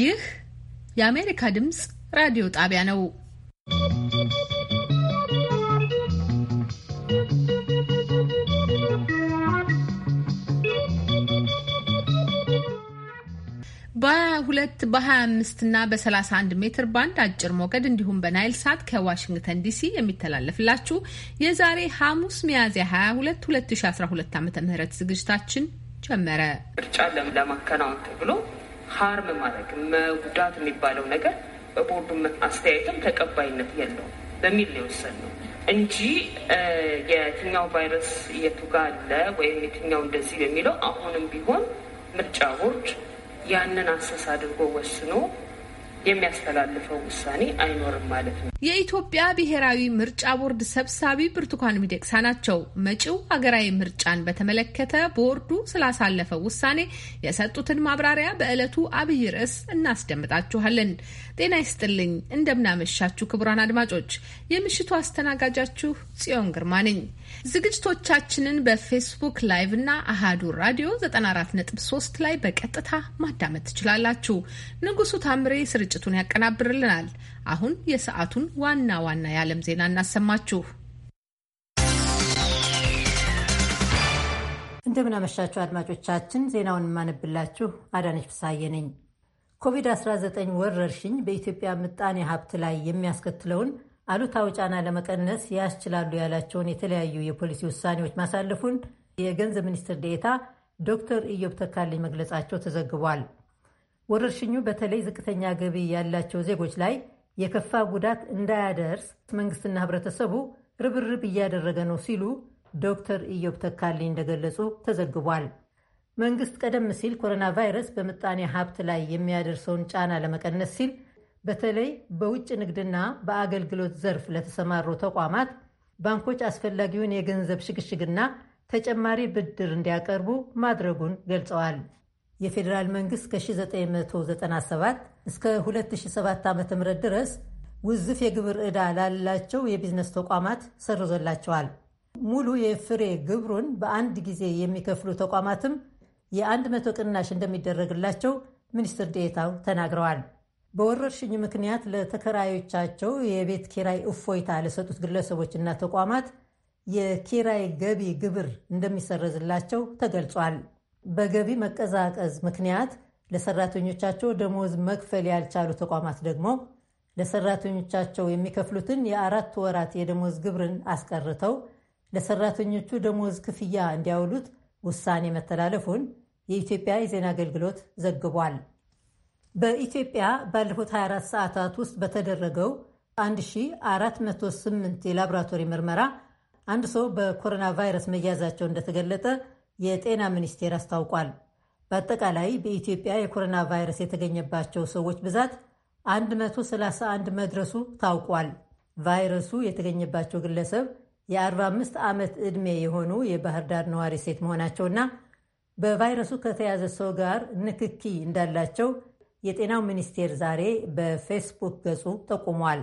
ይህ የአሜሪካ ድምፅ ራዲዮ ጣቢያ ነው። በ22 በ25 እና በ31 ሜትር ባንድ አጭር ሞገድ እንዲሁም በናይል ሳት ከዋሽንግተን ዲሲ የሚተላለፍላችሁ የዛሬ ሐሙስ ሚያዝያ 22 2012 ዓ ም ዝግጅታችን ጀመረ። ምርጫ ለማከናወን ተብሎ ሀርም ማድረግ መጉዳት የሚባለው ነገር በቦርዱ አስተያየትም ተቀባይነት የለውም በሚል ነው የወሰንነው እንጂ የትኛው ቫይረስ የቱ አለ ወይም የትኛው እንደዚህ በሚለው አሁንም ቢሆን ምርጫ ቦርድ ያንን አሰስ አድርጎ ወስኖ የሚያስተላልፈው ውሳኔ አይኖርም ማለት ነው። የኢትዮጵያ ብሔራዊ ምርጫ ቦርድ ሰብሳቢ ብርቱካን ሚደቅሳ ናቸው። መጪው ሀገራዊ ምርጫን በተመለከተ ቦርዱ ስላሳለፈው ውሳኔ የሰጡትን ማብራሪያ በዕለቱ አብይ ርዕስ እናስደምጣችኋለን። ጤና ይስጥልኝ፣ እንደምናመሻችሁ ክቡራን አድማጮች፣ የምሽቱ አስተናጋጃችሁ ጽዮን ግርማ ነኝ። ዝግጅቶቻችንን በፌስቡክ ላይቭ እና አሃዱ ራዲዮ 94.3 ላይ በቀጥታ ማዳመጥ ትችላላችሁ። ንጉሱ ታምሬ ስርጭቱን ያቀናብርልናል። አሁን የሰዓቱን ዋና ዋና የዓለም ዜና እናሰማችሁ። እንደምናመሻችሁ አድማጮቻችን፣ ዜናውን የማነብላችሁ አዳነች ፍሳዬ ነኝ። ኮቪድ-19 ወረርሽኝ በኢትዮጵያ ምጣኔ ሀብት ላይ የሚያስከትለውን አሉታዊ ጫና ለመቀነስ ያስችላሉ ያላቸውን የተለያዩ የፖሊሲ ውሳኔዎች ማሳለፉን የገንዘብ ሚኒስትር ዴኤታ ዶክተር ኢዮብ ተካልኝ መግለጻቸው ተዘግቧል። ወረርሽኙ በተለይ ዝቅተኛ ገቢ ያላቸው ዜጎች ላይ የከፋ ጉዳት እንዳያደርስ መንግስትና ህብረተሰቡ ርብርብ እያደረገ ነው ሲሉ ዶክተር ኢዮብ ተካልኝ እንደገለጹ ተዘግቧል። መንግስት ቀደም ሲል ኮሮና ቫይረስ በምጣኔ ሀብት ላይ የሚያደርሰውን ጫና ለመቀነስ ሲል በተለይ በውጭ ንግድና በአገልግሎት ዘርፍ ለተሰማሩ ተቋማት ባንኮች አስፈላጊውን የገንዘብ ሽግሽግና ተጨማሪ ብድር እንዲያቀርቡ ማድረጉን ገልጸዋል። የፌዴራል መንግስት ከ1997 እስከ 2007 ዓ ም ድረስ ውዝፍ የግብር ዕዳ ላላቸው የቢዝነስ ተቋማት ሰርዞላቸዋል። ሙሉ የፍሬ ግብሩን በአንድ ጊዜ የሚከፍሉ ተቋማትም የአንድ መቶ ቅናሽ እንደሚደረግላቸው ሚኒስትር ዴታው ተናግረዋል። በወረርሽኝ ምክንያት ለተከራዮቻቸው የቤት ኪራይ እፎይታ ለሰጡት ግለሰቦችና ተቋማት የኪራይ ገቢ ግብር እንደሚሰረዝላቸው ተገልጿል። በገቢ መቀዛቀዝ ምክንያት ለሰራተኞቻቸው ደሞዝ መክፈል ያልቻሉ ተቋማት ደግሞ ለሰራተኞቻቸው የሚከፍሉትን የአራት ወራት የደሞዝ ግብርን አስቀርተው ለሰራተኞቹ ደሞዝ ክፍያ እንዲያውሉት ውሳኔ መተላለፉን የኢትዮጵያ የዜና አገልግሎት ዘግቧል። በኢትዮጵያ ባለፉት 24 ሰዓታት ውስጥ በተደረገው 1408 የላቦራቶሪ ምርመራ አንድ ሰው በኮሮና ቫይረስ መያዛቸው እንደተገለጠ የጤና ሚኒስቴር አስታውቋል። በአጠቃላይ በኢትዮጵያ የኮሮና ቫይረስ የተገኘባቸው ሰዎች ብዛት 131 መድረሱ ታውቋል። ቫይረሱ የተገኘባቸው ግለሰብ የ45 ዓመት ዕድሜ የሆኑ የባህር ዳር ነዋሪ ሴት መሆናቸውና በቫይረሱ ከተያዘ ሰው ጋር ንክኪ እንዳላቸው የጤናው ሚኒስቴር ዛሬ በፌስቡክ ገጹ ጠቁሟል።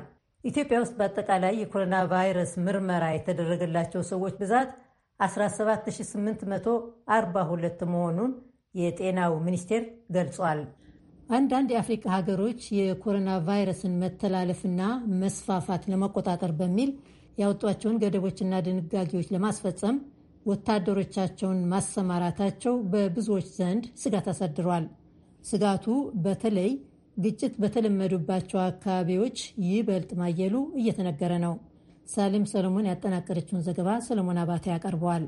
ኢትዮጵያ ውስጥ በአጠቃላይ የኮሮና ቫይረስ ምርመራ የተደረገላቸው ሰዎች ብዛት 17842 መሆኑን የጤናው ሚኒስቴር ገልጿል። አንዳንድ የአፍሪካ ሀገሮች የኮሮና ቫይረስን መተላለፍና መስፋፋት ለመቆጣጠር በሚል ያወጧቸውን ገደቦችና ድንጋጌዎች ለማስፈጸም ወታደሮቻቸውን ማሰማራታቸው በብዙዎች ዘንድ ስጋት አሳድሯል። ስጋቱ በተለይ ግጭት በተለመዱባቸው አካባቢዎች ይበልጥ ማየሉ እየተነገረ ነው። ሳሌም ሰሎሞን ያጠናቀረችውን ዘገባ ሰለሞን አባተ ያቀርበዋል።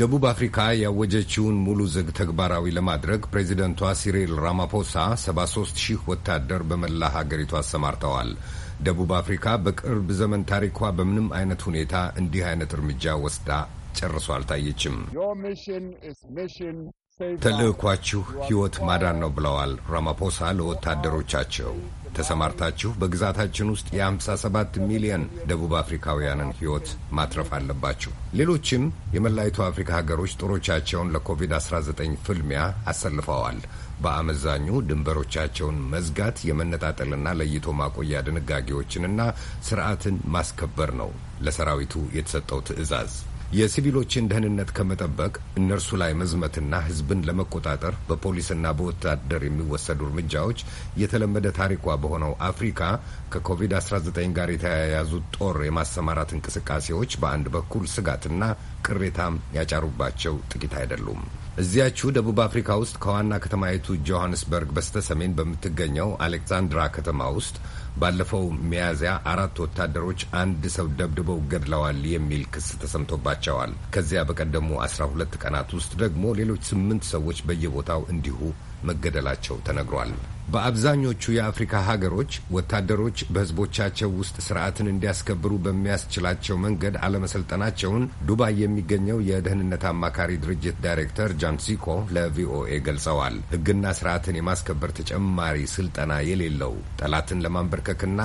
ደቡብ አፍሪካ ያወጀችውን ሙሉ ዝግ ተግባራዊ ለማድረግ ፕሬዚደንቷ ሲሪል ራማፖሳ 73 ሺህ ወታደር በመላ ሀገሪቱ አሰማርተዋል። ደቡብ አፍሪካ በቅርብ ዘመን ታሪኳ በምንም አይነት ሁኔታ እንዲህ አይነት እርምጃ ወስዳ ጨርሶ አልታየችም። ተልእኳችሁ ሕይወት ማዳን ነው ብለዋል ራማፖሳ ለወታደሮቻቸው። ተሰማርታችሁ በግዛታችን ውስጥ የ57 ሚሊዮን ደቡብ አፍሪካውያንን ሕይወት ማትረፍ አለባችሁ። ሌሎችም የመላይቱ አፍሪካ ሀገሮች ጦሮቻቸውን ለኮቪድ-19 ፍልሚያ አሰልፈዋል። በአመዛኙ ድንበሮቻቸውን መዝጋት የመነጣጠልና ለይቶ ማቆያ ድንጋጌዎችንና ስርዓትን ማስከበር ነው ለሰራዊቱ የተሰጠው ትዕዛዝ። የሲቪሎችን ደህንነት ከመጠበቅ እነርሱ ላይ መዝመትና ህዝብን ለመቆጣጠር በፖሊስና በወታደር የሚወሰዱ እርምጃዎች የተለመደ ታሪኳ በሆነው አፍሪካ ከኮቪድ-19 ጋር የተያያዙ ጦር የማሰማራት እንቅስቃሴዎች በአንድ በኩል ስጋትና ቅሬታም ያጫሩባቸው ጥቂት አይደሉም። እዚያችሁ ደቡብ አፍሪካ ውስጥ ከዋና ከተማይቱ ጆሃንስበርግ በስተ ሰሜን በምትገኘው አሌክዛንድራ ከተማ ውስጥ ባለፈው ሚያዝያ አራት ወታደሮች አንድ ሰው ደብድበው ገድለዋል የሚል ክስ ተሰምቶባቸዋል። ከዚያ በቀደሙ አስራ ሁለት ቀናት ውስጥ ደግሞ ሌሎች ስምንት ሰዎች በየቦታው እንዲሁ መገደላቸው ተነግሯል። በአብዛኞቹ የአፍሪካ ሀገሮች ወታደሮች በህዝቦቻቸው ውስጥ ስርዓትን እንዲያስከብሩ በሚያስችላቸው መንገድ አለመሰልጠናቸውን ዱባይ የሚገኘው የደህንነት አማካሪ ድርጅት ዳይሬክተር ጃን ሲኮ ለቪኦኤ ገልጸዋል። ህግና ስርዓትን የማስከበር ተጨማሪ ስልጠና የሌለው ጠላትን ለማንበርከክና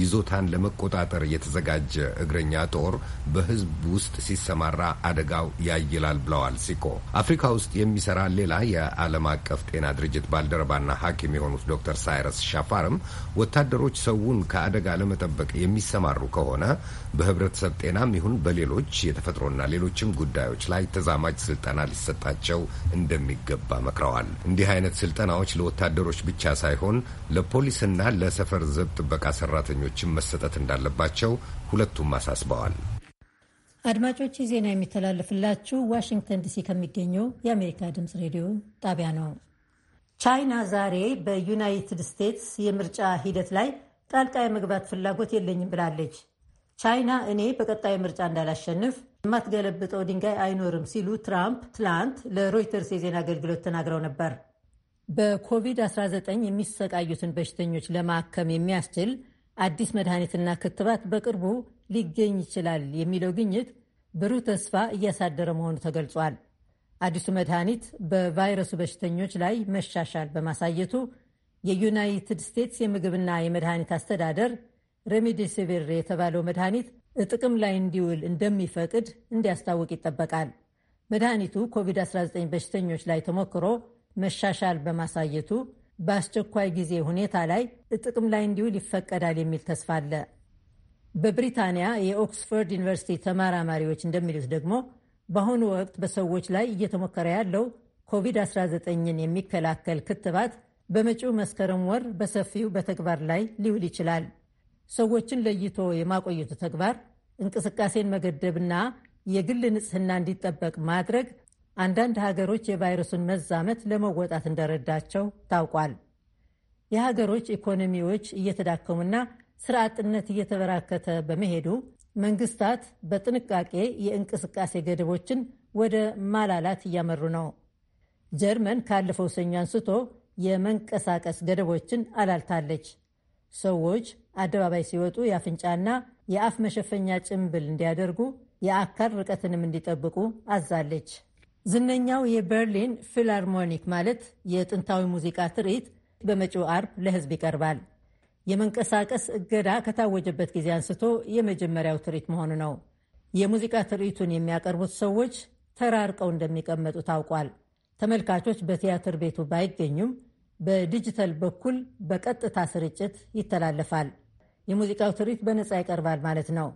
ይዞታን ለመቆጣጠር የተዘጋጀ እግረኛ ጦር በህዝብ ውስጥ ሲሰማራ አደጋው ያይላል ብለዋል ሲኮ። አፍሪካ ውስጥ የሚሰራ ሌላ የዓለም አቀፍ ጤና ድርጅት ባልደረባና ሐኪም የሆኑት ዶክተር ሳይረስ ሻፋርም ወታደሮች ሰውን ከአደጋ ለመጠበቅ የሚሰማሩ ከሆነ በህብረተሰብ ጤናም ይሁን በሌሎች የተፈጥሮና ሌሎችም ጉዳዮች ላይ ተዛማጅ ስልጠና ሊሰጣቸው እንደሚገባ መክረዋል። እንዲህ አይነት ስልጠናዎች ለወታደሮች ብቻ ሳይሆን ለፖሊስና ለሰፈር ዘብ ጥበቃ ሰራተኞችም መሰጠት እንዳለባቸው ሁለቱም አሳስበዋል። አድማጮች ዜና የሚተላለፍላችሁ ዋሽንግተን ዲሲ ከሚገኘው የአሜሪካ ድምጽ ሬዲዮ ጣቢያ ነው። ቻይና ዛሬ በዩናይትድ ስቴትስ የምርጫ ሂደት ላይ ጣልቃ የመግባት ፍላጎት የለኝም ብላለች። ቻይና እኔ በቀጣይ ምርጫ እንዳላሸንፍ የማትገለብጠው ድንጋይ አይኖርም ሲሉ ትራምፕ ትላንት ለሮይተርስ የዜና አገልግሎት ተናግረው ነበር። በኮቪድ-19 የሚሰቃዩትን በሽተኞች ለማከም የሚያስችል አዲስ መድኃኒትና ክትባት በቅርቡ ሊገኝ ይችላል የሚለው ግኝት ብሩህ ተስፋ እያሳደረ መሆኑ ተገልጿል። አዲሱ መድኃኒት በቫይረሱ በሽተኞች ላይ መሻሻል በማሳየቱ የዩናይትድ ስቴትስ የምግብና የመድኃኒት አስተዳደር ሬሚዲሲቪር የተባለው መድኃኒት ጥቅም ላይ እንዲውል እንደሚፈቅድ እንዲያስታውቅ ይጠበቃል። መድኃኒቱ ኮቪድ-19 በሽተኞች ላይ ተሞክሮ መሻሻል በማሳየቱ በአስቸኳይ ጊዜ ሁኔታ ላይ ጥቅም ላይ እንዲውል ይፈቀዳል የሚል ተስፋ አለ። በብሪታንያ የኦክስፎርድ ዩኒቨርሲቲ ተመራማሪዎች እንደሚሉት ደግሞ በአሁኑ ወቅት በሰዎች ላይ እየተሞከረ ያለው ኮቪድ-19ን የሚከላከል ክትባት በመጪው መስከረም ወር በሰፊው በተግባር ላይ ሊውል ይችላል። ሰዎችን ለይቶ የማቆየቱ ተግባር እንቅስቃሴን መገደብና የግል ንጽህና እንዲጠበቅ ማድረግ አንዳንድ ሀገሮች የቫይረሱን መዛመት ለመወጣት እንደረዳቸው ታውቋል። የሀገሮች ኢኮኖሚዎች እየተዳከሙና ስራ እየተበራከተ በመሄዱ መንግስታት በጥንቃቄ የእንቅስቃሴ ገደቦችን ወደ ማላላት እያመሩ ነው። ጀርመን ካለፈው ሰኞ አንስቶ የመንቀሳቀስ ገደቦችን አላልታለች። ሰዎች አደባባይ ሲወጡ የአፍንጫና የአፍ መሸፈኛ ጭንብል እንዲያደርጉ፣ የአካል ርቀትንም እንዲጠብቁ አዛለች። ዝነኛው የበርሊን ፊላርሞኒክ ማለት የጥንታዊ ሙዚቃ ትርኢት በመጪው አርብ ለህዝብ ይቀርባል። የመንቀሳቀስ እገዳ ከታወጀበት ጊዜ አንስቶ የመጀመሪያው ትርኢት መሆኑ ነው። የሙዚቃ ትርኢቱን የሚያቀርቡት ሰዎች ተራርቀው እንደሚቀመጡ ታውቋል። ተመልካቾች በቲያትር ቤቱ ባይገኙም በዲጂታል በኩል በቀጥታ ስርጭት ይተላለፋል። የሙዚቃው ትርኢት በነፃ ይቀርባል ማለት ነው።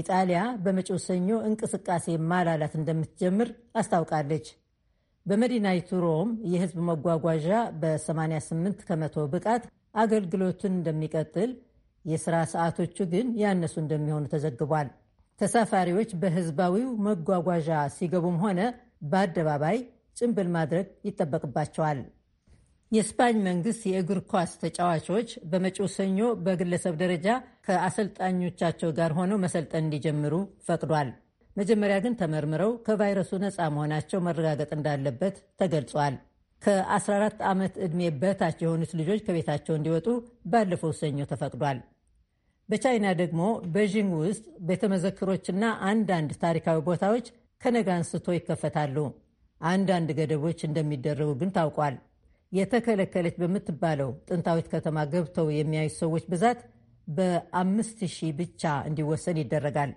ኢጣሊያ በመጪው ሰኞ እንቅስቃሴ ማላላት እንደምትጀምር አስታውቃለች። በመዲናይቱ ሮም የህዝብ መጓጓዣ በ88 ከመቶ ብቃት አገልግሎቱን እንደሚቀጥል፣ የሥራ ሰዓቶቹ ግን ያነሱ እንደሚሆኑ ተዘግቧል። ተሳፋሪዎች በሕዝባዊው መጓጓዣ ሲገቡም ሆነ በአደባባይ ጭንብል ማድረግ ይጠበቅባቸዋል። የስፓኝ መንግስት የእግር ኳስ ተጫዋቾች በመጪው ሰኞ በግለሰብ ደረጃ ከአሰልጣኞቻቸው ጋር ሆነው መሰልጠን እንዲጀምሩ ፈቅዷል። መጀመሪያ ግን ተመርምረው ከቫይረሱ ነፃ መሆናቸው መረጋገጥ እንዳለበት ተገልጿል። ከ14 ዓመት ዕድሜ በታች የሆኑት ልጆች ከቤታቸው እንዲወጡ ባለፈው ሰኞ ተፈቅዷል። በቻይና ደግሞ ቤዥንግ ውስጥ ቤተመዘክሮችና አንዳንድ ታሪካዊ ቦታዎች ከነገ አንስቶ ይከፈታሉ። አንዳንድ ገደቦች እንደሚደረጉ ግን ታውቋል። የተከለከለች በምትባለው ጥንታዊት ከተማ ገብተው የሚያዩት ሰዎች ብዛት በአምስት ሺህ ብቻ እንዲወሰን ይደረጋል።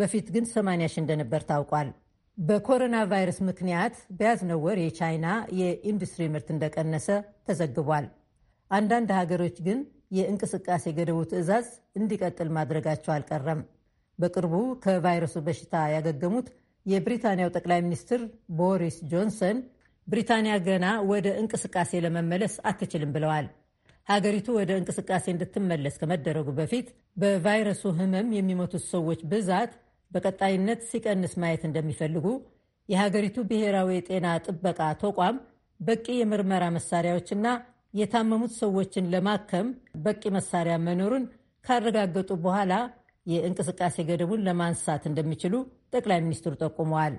በፊት ግን ሰማንያ ሺህ እንደነበር ታውቋል። በኮሮና ቫይረስ ምክንያት በያዝነው ወር የቻይና የኢንዱስትሪ ምርት እንደቀነሰ ተዘግቧል። አንዳንድ ሀገሮች ግን የእንቅስቃሴ ገደቡ ትዕዛዝ እንዲቀጥል ማድረጋቸው አልቀረም። በቅርቡ ከቫይረሱ በሽታ ያገገሙት የብሪታንያው ጠቅላይ ሚኒስትር ቦሪስ ጆንሰን ብሪታንያ ገና ወደ እንቅስቃሴ ለመመለስ አትችልም ብለዋል። ሀገሪቱ ወደ እንቅስቃሴ እንድትመለስ ከመደረጉ በፊት በቫይረሱ ሕመም የሚሞቱት ሰዎች ብዛት በቀጣይነት ሲቀንስ ማየት እንደሚፈልጉ የሀገሪቱ ብሔራዊ የጤና ጥበቃ ተቋም በቂ የምርመራ መሳሪያዎችና የታመሙት ሰዎችን ለማከም በቂ መሳሪያ መኖሩን ካረጋገጡ በኋላ የእንቅስቃሴ ገደቡን ለማንሳት እንደሚችሉ ጠቅላይ ሚኒስትሩ ጠቁመዋል።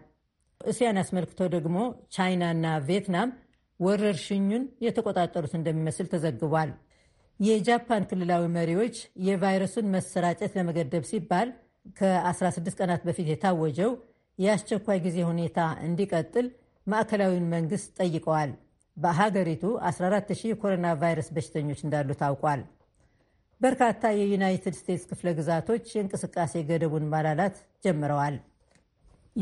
እስያን አስመልክቶ ደግሞ ቻይናና ቪየትናም ወረርሽኙን የተቆጣጠሩት እንደሚመስል ተዘግቧል። የጃፓን ክልላዊ መሪዎች የቫይረሱን መሰራጨት ለመገደብ ሲባል ከ16 ቀናት በፊት የታወጀው የአስቸኳይ ጊዜ ሁኔታ እንዲቀጥል ማዕከላዊውን መንግስት ጠይቀዋል። በሀገሪቱ 140 የኮሮና ቫይረስ በሽተኞች እንዳሉ ታውቋል። በርካታ የዩናይትድ ስቴትስ ክፍለ ግዛቶች የእንቅስቃሴ ገደቡን ማላላት ጀምረዋል።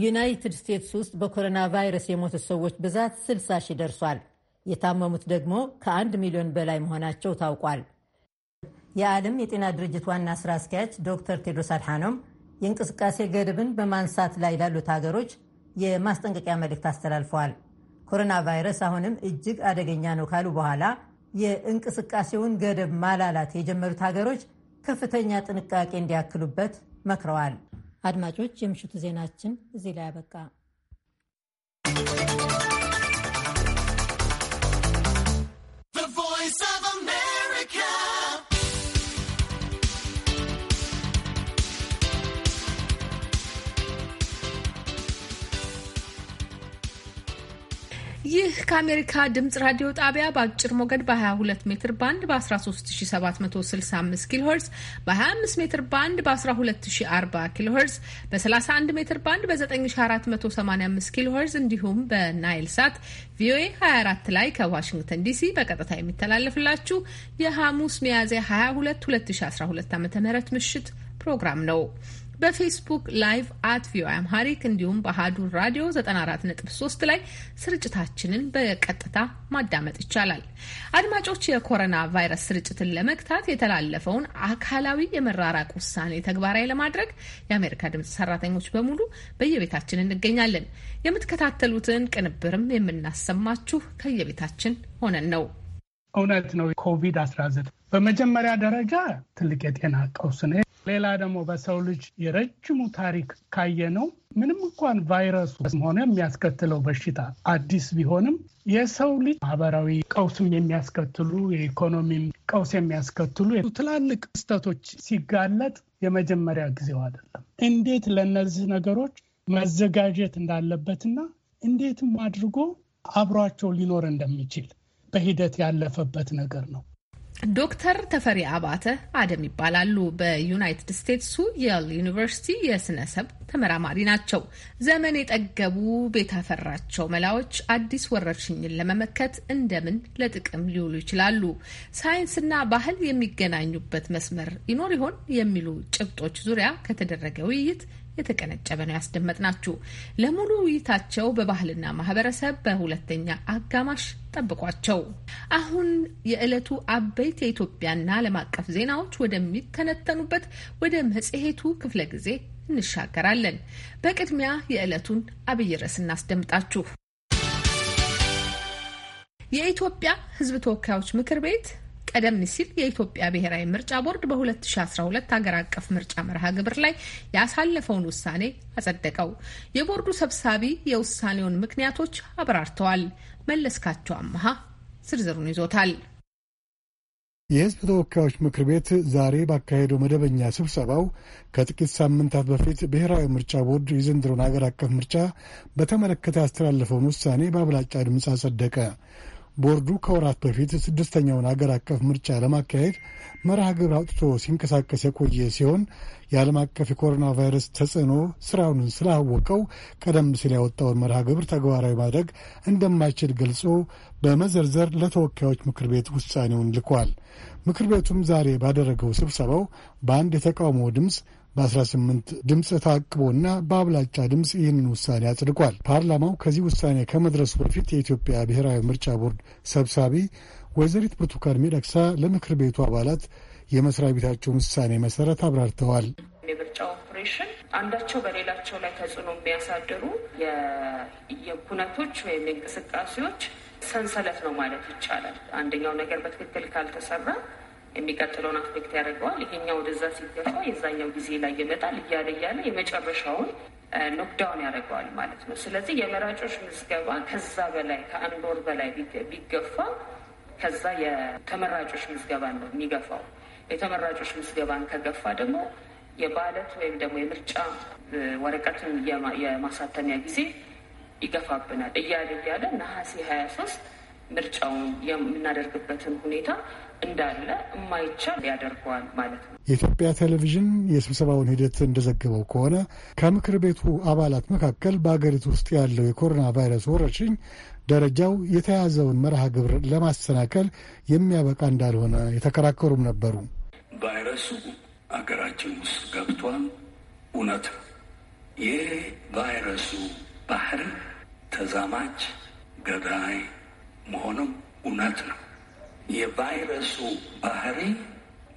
ዩናይትድ ስቴትስ ውስጥ በኮሮና ቫይረስ የሞቱት ሰዎች ብዛት 60 ሺህ ደርሷል። የታመሙት ደግሞ ከአንድ ሚሊዮን በላይ መሆናቸው ታውቋል። የዓለም የጤና ድርጅት ዋና ስራ አስኪያጅ ዶክተር ቴድሮስ አድሓኖም የእንቅስቃሴ ገደብን በማንሳት ላይ ላሉት ሀገሮች የማስጠንቀቂያ መልእክት አስተላልፈዋል። ኮሮና ቫይረስ አሁንም እጅግ አደገኛ ነው ካሉ በኋላ የእንቅስቃሴውን ገደብ ማላላት የጀመሩት ሀገሮች ከፍተኛ ጥንቃቄ እንዲያክሉበት መክረዋል። አድማጮች፣ የምሽቱ ዜናችን እዚህ ላይ አበቃ። ይህ ከአሜሪካ ድምጽ ራዲዮ ጣቢያ በአጭር ሞገድ በ22 ሜትር ባንድ በ13765 ኪሎ ሄርዝ በ25 ሜትር ባንድ በ1240 ኪሎ ሄርዝ በ31 ሜትር ባንድ በ9485 ኪሎ ሄርዝ እንዲሁም በናይል ሳት ቪኦኤ 24 ላይ ከዋሽንግተን ዲሲ በቀጥታ የሚተላለፍላችሁ የሐሙስ ሚያዝያ 22 2012 ዓ ም ምሽት ፕሮግራም ነው። በፌስቡክ ላይቭ አት ቪኦኤ አምሃሪክ እንዲሁም በአሀዱ ራዲዮ 94.3 ላይ ስርጭታችንን በቀጥታ ማዳመጥ ይቻላል። አድማጮች የኮሮና ቫይረስ ስርጭትን ለመግታት የተላለፈውን አካላዊ የመራራቅ ውሳኔ ተግባራዊ ለማድረግ የአሜሪካ ድምፅ ሰራተኞች በሙሉ በየቤታችን እንገኛለን። የምትከታተሉትን ቅንብርም የምናሰማችሁ ከየቤታችን ሆነን ነው። እውነት ነው። ኮቪድ-19 በመጀመሪያ ደረጃ ትልቅ የጤና ቀውስ ነው ሌላ ደግሞ በሰው ልጅ የረጅሙ ታሪክ ነው። ምንም እንኳን ቫይረሱ ሆነ የሚያስከትለው በሽታ አዲስ ቢሆንም የሰው ልጅ ማህበራዊ ቀውስም የሚያስከትሉ የኢኮኖሚም ቀውስ የሚያስከትሉ ትላልቅ ክስተቶች ሲጋለጥ የመጀመሪያ ጊዜው አይደለም። እንዴት ለእነዚህ ነገሮች መዘጋጀት እንዳለበትና እንዴትም አድርጎ አብሯቸው ሊኖር እንደሚችል በሂደት ያለፈበት ነገር ነው። ዶክተር ተፈሪ አባተ አደም ይባላሉ። በዩናይትድ ስቴትሱ የል ዩኒቨርሲቲ የስነሰብ ተመራማሪ ናቸው። ዘመን የጠገቡ ቤት ያፈራቸው መላዎች አዲስ ወረርሽኝን ለመመከት እንደምን ለጥቅም ሊውሉ ይችላሉ? ሳይንስና ባህል የሚገናኙበት መስመር ይኖር ይሆን? የሚሉ ጭብጦች ዙሪያ ከተደረገ ውይይት የተቀነጨበ ነው ያስደመጥናችሁ። ለሙሉ ውይይታቸው በባህልና ማህበረሰብ በሁለተኛ አጋማሽ ጠብቋቸው። አሁን የዕለቱ አበይት የኢትዮጵያና ዓለም አቀፍ ዜናዎች ወደሚተነተኑበት ወደ መጽሔቱ ክፍለ ጊዜ እንሻገራለን። በቅድሚያ የዕለቱን አብይ ርዕስ እናስደምጣችሁ። የኢትዮጵያ ሕዝብ ተወካዮች ምክር ቤት ቀደም ሲል የኢትዮጵያ ብሔራዊ ምርጫ ቦርድ በ2012 ሀገር አቀፍ ምርጫ መርሃ ግብር ላይ ያሳለፈውን ውሳኔ አጸደቀው። የቦርዱ ሰብሳቢ የውሳኔውን ምክንያቶች አብራርተዋል። መለስካቸው አመሃ ዝርዝሩን ይዞታል። የሕዝብ ተወካዮች ምክር ቤት ዛሬ ባካሄደው መደበኛ ስብሰባው ከጥቂት ሳምንታት በፊት ብሔራዊ ምርጫ ቦርድ የዘንድሮን አገር አቀፍ ምርጫ በተመለከተ ያስተላለፈውን ውሳኔ በአብላጫ ድምፅ አጸደቀ። ቦርዱ ከወራት በፊት ስድስተኛውን አገር አቀፍ ምርጫ ለማካሄድ መርሃ ግብር አውጥቶ ሲንቀሳቀስ የቆየ ሲሆን የዓለም አቀፍ የኮሮና ቫይረስ ተጽዕኖ ስራውን ስላወቀው ቀደም ሲል ያወጣውን መርሃ ግብር ተግባራዊ ማድረግ እንደማይችል ገልጾ በመዘርዘር ለተወካዮች ምክር ቤት ውሳኔውን ልኳል። ምክር ቤቱም ዛሬ ባደረገው ስብሰባው በአንድ የተቃውሞ ድምፅ በ18 ድምፅ ታቅቦና በአብላጫ ድምፅ ይህንን ውሳኔ አጽድቋል። ፓርላማው ከዚህ ውሳኔ ከመድረሱ በፊት የኢትዮጵያ ብሔራዊ ምርጫ ቦርድ ሰብሳቢ ወይዘሪት ብርቱካን ሚደቅሳ ለምክር ቤቱ አባላት የመስሪያ ቤታቸውን ውሳኔ መሰረት አብራርተዋል። የምርጫ ኦፕሬሽን አንዳቸው በሌላቸው ላይ ተጽዕኖ የሚያሳድሩ የኩነቶች ወይም የእንቅስቃሴዎች ሰንሰለት ነው ማለት ይቻላል። አንደኛው ነገር በትክክል ካልተሰራ የሚቀጥለውን አክፌክት ያደርገዋል። ይሄኛው ወደዛ ሲገፋ የዛኛው ጊዜ ላይ ይመጣል እያለ እያለ የመጨረሻውን ኖክዳውን ያደርገዋል ማለት ነው። ስለዚህ የመራጮች ምዝገባ ከዛ በላይ ከአንድ ወር በላይ ቢገፋ ከዛ የተመራጮች ምዝገባ ነው የሚገፋው። የተመራጮች ምዝገባን ከገፋ ደግሞ የባለት ወይም ደግሞ የምርጫ ወረቀትን የማሳተሚያ ጊዜ ይገፋብናል እያለ እያለ ነሐሴ ሀያ ሶስት ምርጫውን የምናደርግበትን ሁኔታ እንዳለ የማይቻል ያደርገዋል ማለት ነው። የኢትዮጵያ ቴሌቪዥን የስብሰባውን ሂደት እንደዘገበው ከሆነ ከምክር ቤቱ አባላት መካከል በአገሪቱ ውስጥ ያለው የኮሮና ቫይረስ ወረርሽኝ ደረጃው የተያዘውን መርሃ ግብር ለማሰናከል የሚያበቃ እንዳልሆነ የተከራከሩም ነበሩ። ቫይረሱ አገራችን ውስጥ ገብቷል። እውነት ነው። ይህ ቫይረሱ ባህሪ ተዛማች ገዳይ መሆኑም እውነት ነው። የቫይረሱ ባህሪ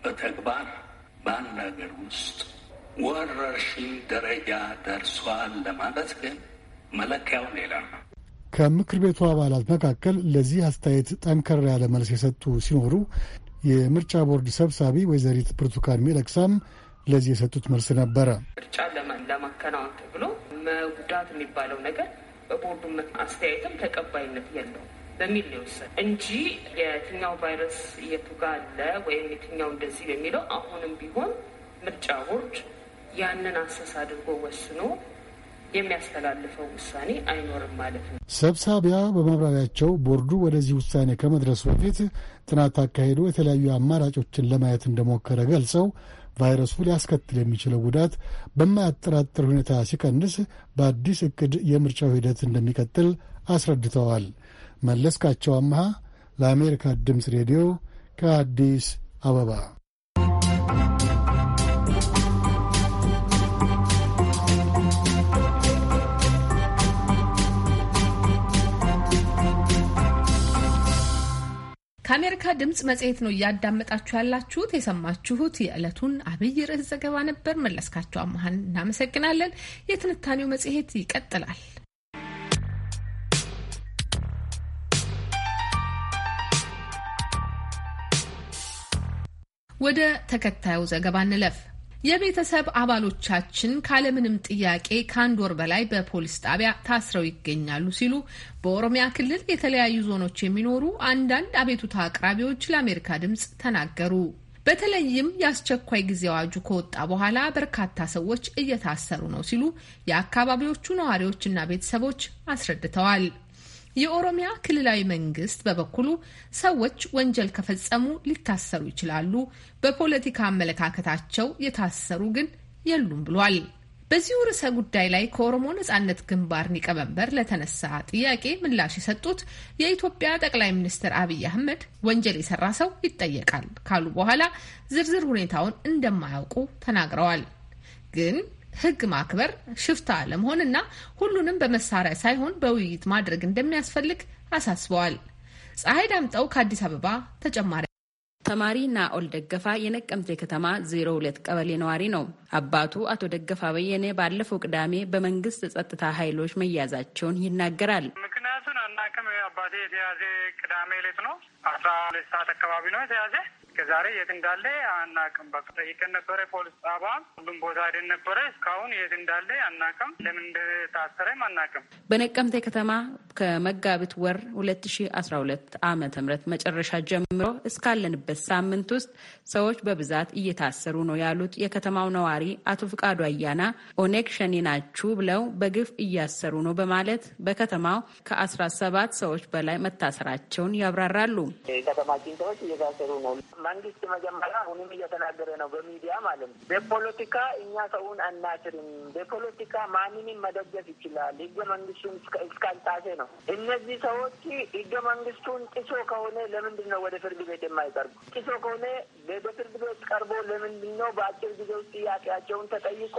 በተግባር በአንድ ሀገር ውስጥ ወረርሽኝ ደረጃ ደርሷል ለማለት ግን መለኪያው ሌላ ነው። ከምክር ቤቱ አባላት መካከል ለዚህ አስተያየት ጠንከር ያለ መልስ የሰጡ ሲኖሩ የምርጫ ቦርድ ሰብሳቢ ወይዘሪት ብርቱካን ሚደቅሳም ለዚህ የሰጡት መልስ ነበረ። ምርጫ ለማከናወን ተብሎ መጉዳት የሚባለው ነገር በቦርዱ አስተያየትም ተቀባይነት የለውም። በሚል ነው የወሰድ እንጂ የትኛው ቫይረስ የቱ ጋ አለ ወይም የትኛው እንደዚህ በሚለው አሁንም ቢሆን ምርጫ ቦርድ ያንን አሰስ አድርጎ ወስኖ የሚያስተላልፈው ውሳኔ አይኖርም ማለት ነው። ሰብሳቢያ በማብራሪያቸው ቦርዱ ወደዚህ ውሳኔ ከመድረሱ በፊት ጥናት አካሄዱ የተለያዩ አማራጮችን ለማየት እንደሞከረ ገልጸው ቫይረሱ ሊያስከትል የሚችለው ጉዳት በማያጠራጥር ሁኔታ ሲቀንስ በአዲስ እቅድ የምርጫው ሂደት እንደሚቀጥል አስረድተዋል። መለስካቸው አመሃ ለአሜሪካ ድምፅ ሬዲዮ ከአዲስ አበባ። ከአሜሪካ ድምፅ መጽሔት ነው እያዳመጣችሁ ያላችሁት። የሰማችሁት የዕለቱን አብይ ርዕስ ዘገባ ነበር። መለስካቸው አመሃን እናመሰግናለን። የትንታኔው መጽሔት ይቀጥላል። ወደ ተከታዩ ዘገባ እንለፍ። የቤተሰብ አባሎቻችን ካለምንም ጥያቄ ከአንድ ወር በላይ በፖሊስ ጣቢያ ታስረው ይገኛሉ ሲሉ በኦሮሚያ ክልል የተለያዩ ዞኖች የሚኖሩ አንዳንድ አቤቱታ አቅራቢዎች ለአሜሪካ ድምፅ ተናገሩ። በተለይም የአስቸኳይ ጊዜ አዋጁ ከወጣ በኋላ በርካታ ሰዎች እየታሰሩ ነው ሲሉ የአካባቢዎቹ ነዋሪዎችና ቤተሰቦች አስረድተዋል። የኦሮሚያ ክልላዊ መንግስት በበኩሉ ሰዎች ወንጀል ከፈጸሙ ሊታሰሩ ይችላሉ፣ በፖለቲካ አመለካከታቸው የታሰሩ ግን የሉም ብሏል። በዚሁ ርዕሰ ጉዳይ ላይ ከኦሮሞ ነጻነት ግንባር ሊቀመንበር ለተነሳ ጥያቄ ምላሽ የሰጡት የኢትዮጵያ ጠቅላይ ሚኒስትር አብይ አህመድ ወንጀል የሰራ ሰው ይጠየቃል ካሉ በኋላ ዝርዝር ሁኔታውን እንደማያውቁ ተናግረዋል። ግን ህግ ማክበር ሽፍታ ለመሆንና ሁሉንም በመሳሪያ ሳይሆን በውይይት ማድረግ እንደሚያስፈልግ አሳስበዋል። ፀሐይ ዳምጠው ከአዲስ አበባ ተጨማሪ ተማሪ ናኦል ደገፋ የነቀምቴ ከተማ 02 ቀበሌ ነዋሪ ነው። አባቱ አቶ ደገፋ በየኔ ባለፈው ቅዳሜ በመንግስት ጸጥታ ኃይሎች መያዛቸውን ይናገራል። ምክንያቱን አናውቅም። አባቴ የተያዘ ቅዳሜ ሌት ነው። አስራ ሁለት ሰዓት አካባቢ ነው የተያዘ። እስከዛሬ የት እንዳለ አናቅም። በቃ ጠይቀን ነበረ ፖሊስ ጣባ፣ ሁሉም ቦታ ሄደን ነበረ። እስካሁን የት እንዳለ አናቅም። ለምን እንደታሰረም አናቅም። በነቀምቴ ከተማ ከመጋቢት ወር 2012 ዓ.ም መጨረሻ ጀምሮ እስካለንበት ሳምንት ውስጥ ሰዎች በብዛት እየታሰሩ ነው ያሉት የከተማው ነዋሪ አቶ ፍቃዱ አያና ኦነግ ሸኔ ናችሁ ብለው በግፍ እያሰሩ ነው በማለት በከተማው ከአስራ ሰባት ሰዎች በላይ መታሰራቸውን ያብራራሉ። የከተማችን ሰዎች እየታሰሩ ነው። መንግስት መጀመሪያ አሁንም እየተናገረ ነው በሚዲያ ማለት ነው። በፖለቲካ እኛ ሰውን አናስርም። በፖለቲካ ማንንም መደገፍ ይችላል ህገ መንግስቱን እስካልጣሰ ነው። እነዚህ ሰዎች ህገ መንግስቱን ጥሶ ከሆነ ለምንድን ነው ወደ ፍርድ ቤት የማይቀርቡ? ጥሶ ከሆነ በፍርድ ቤት ቀርቦ ለምንድን ነው በአጭር ጊዜ ውስጥ ጥያቄያቸውን ተጠይቆ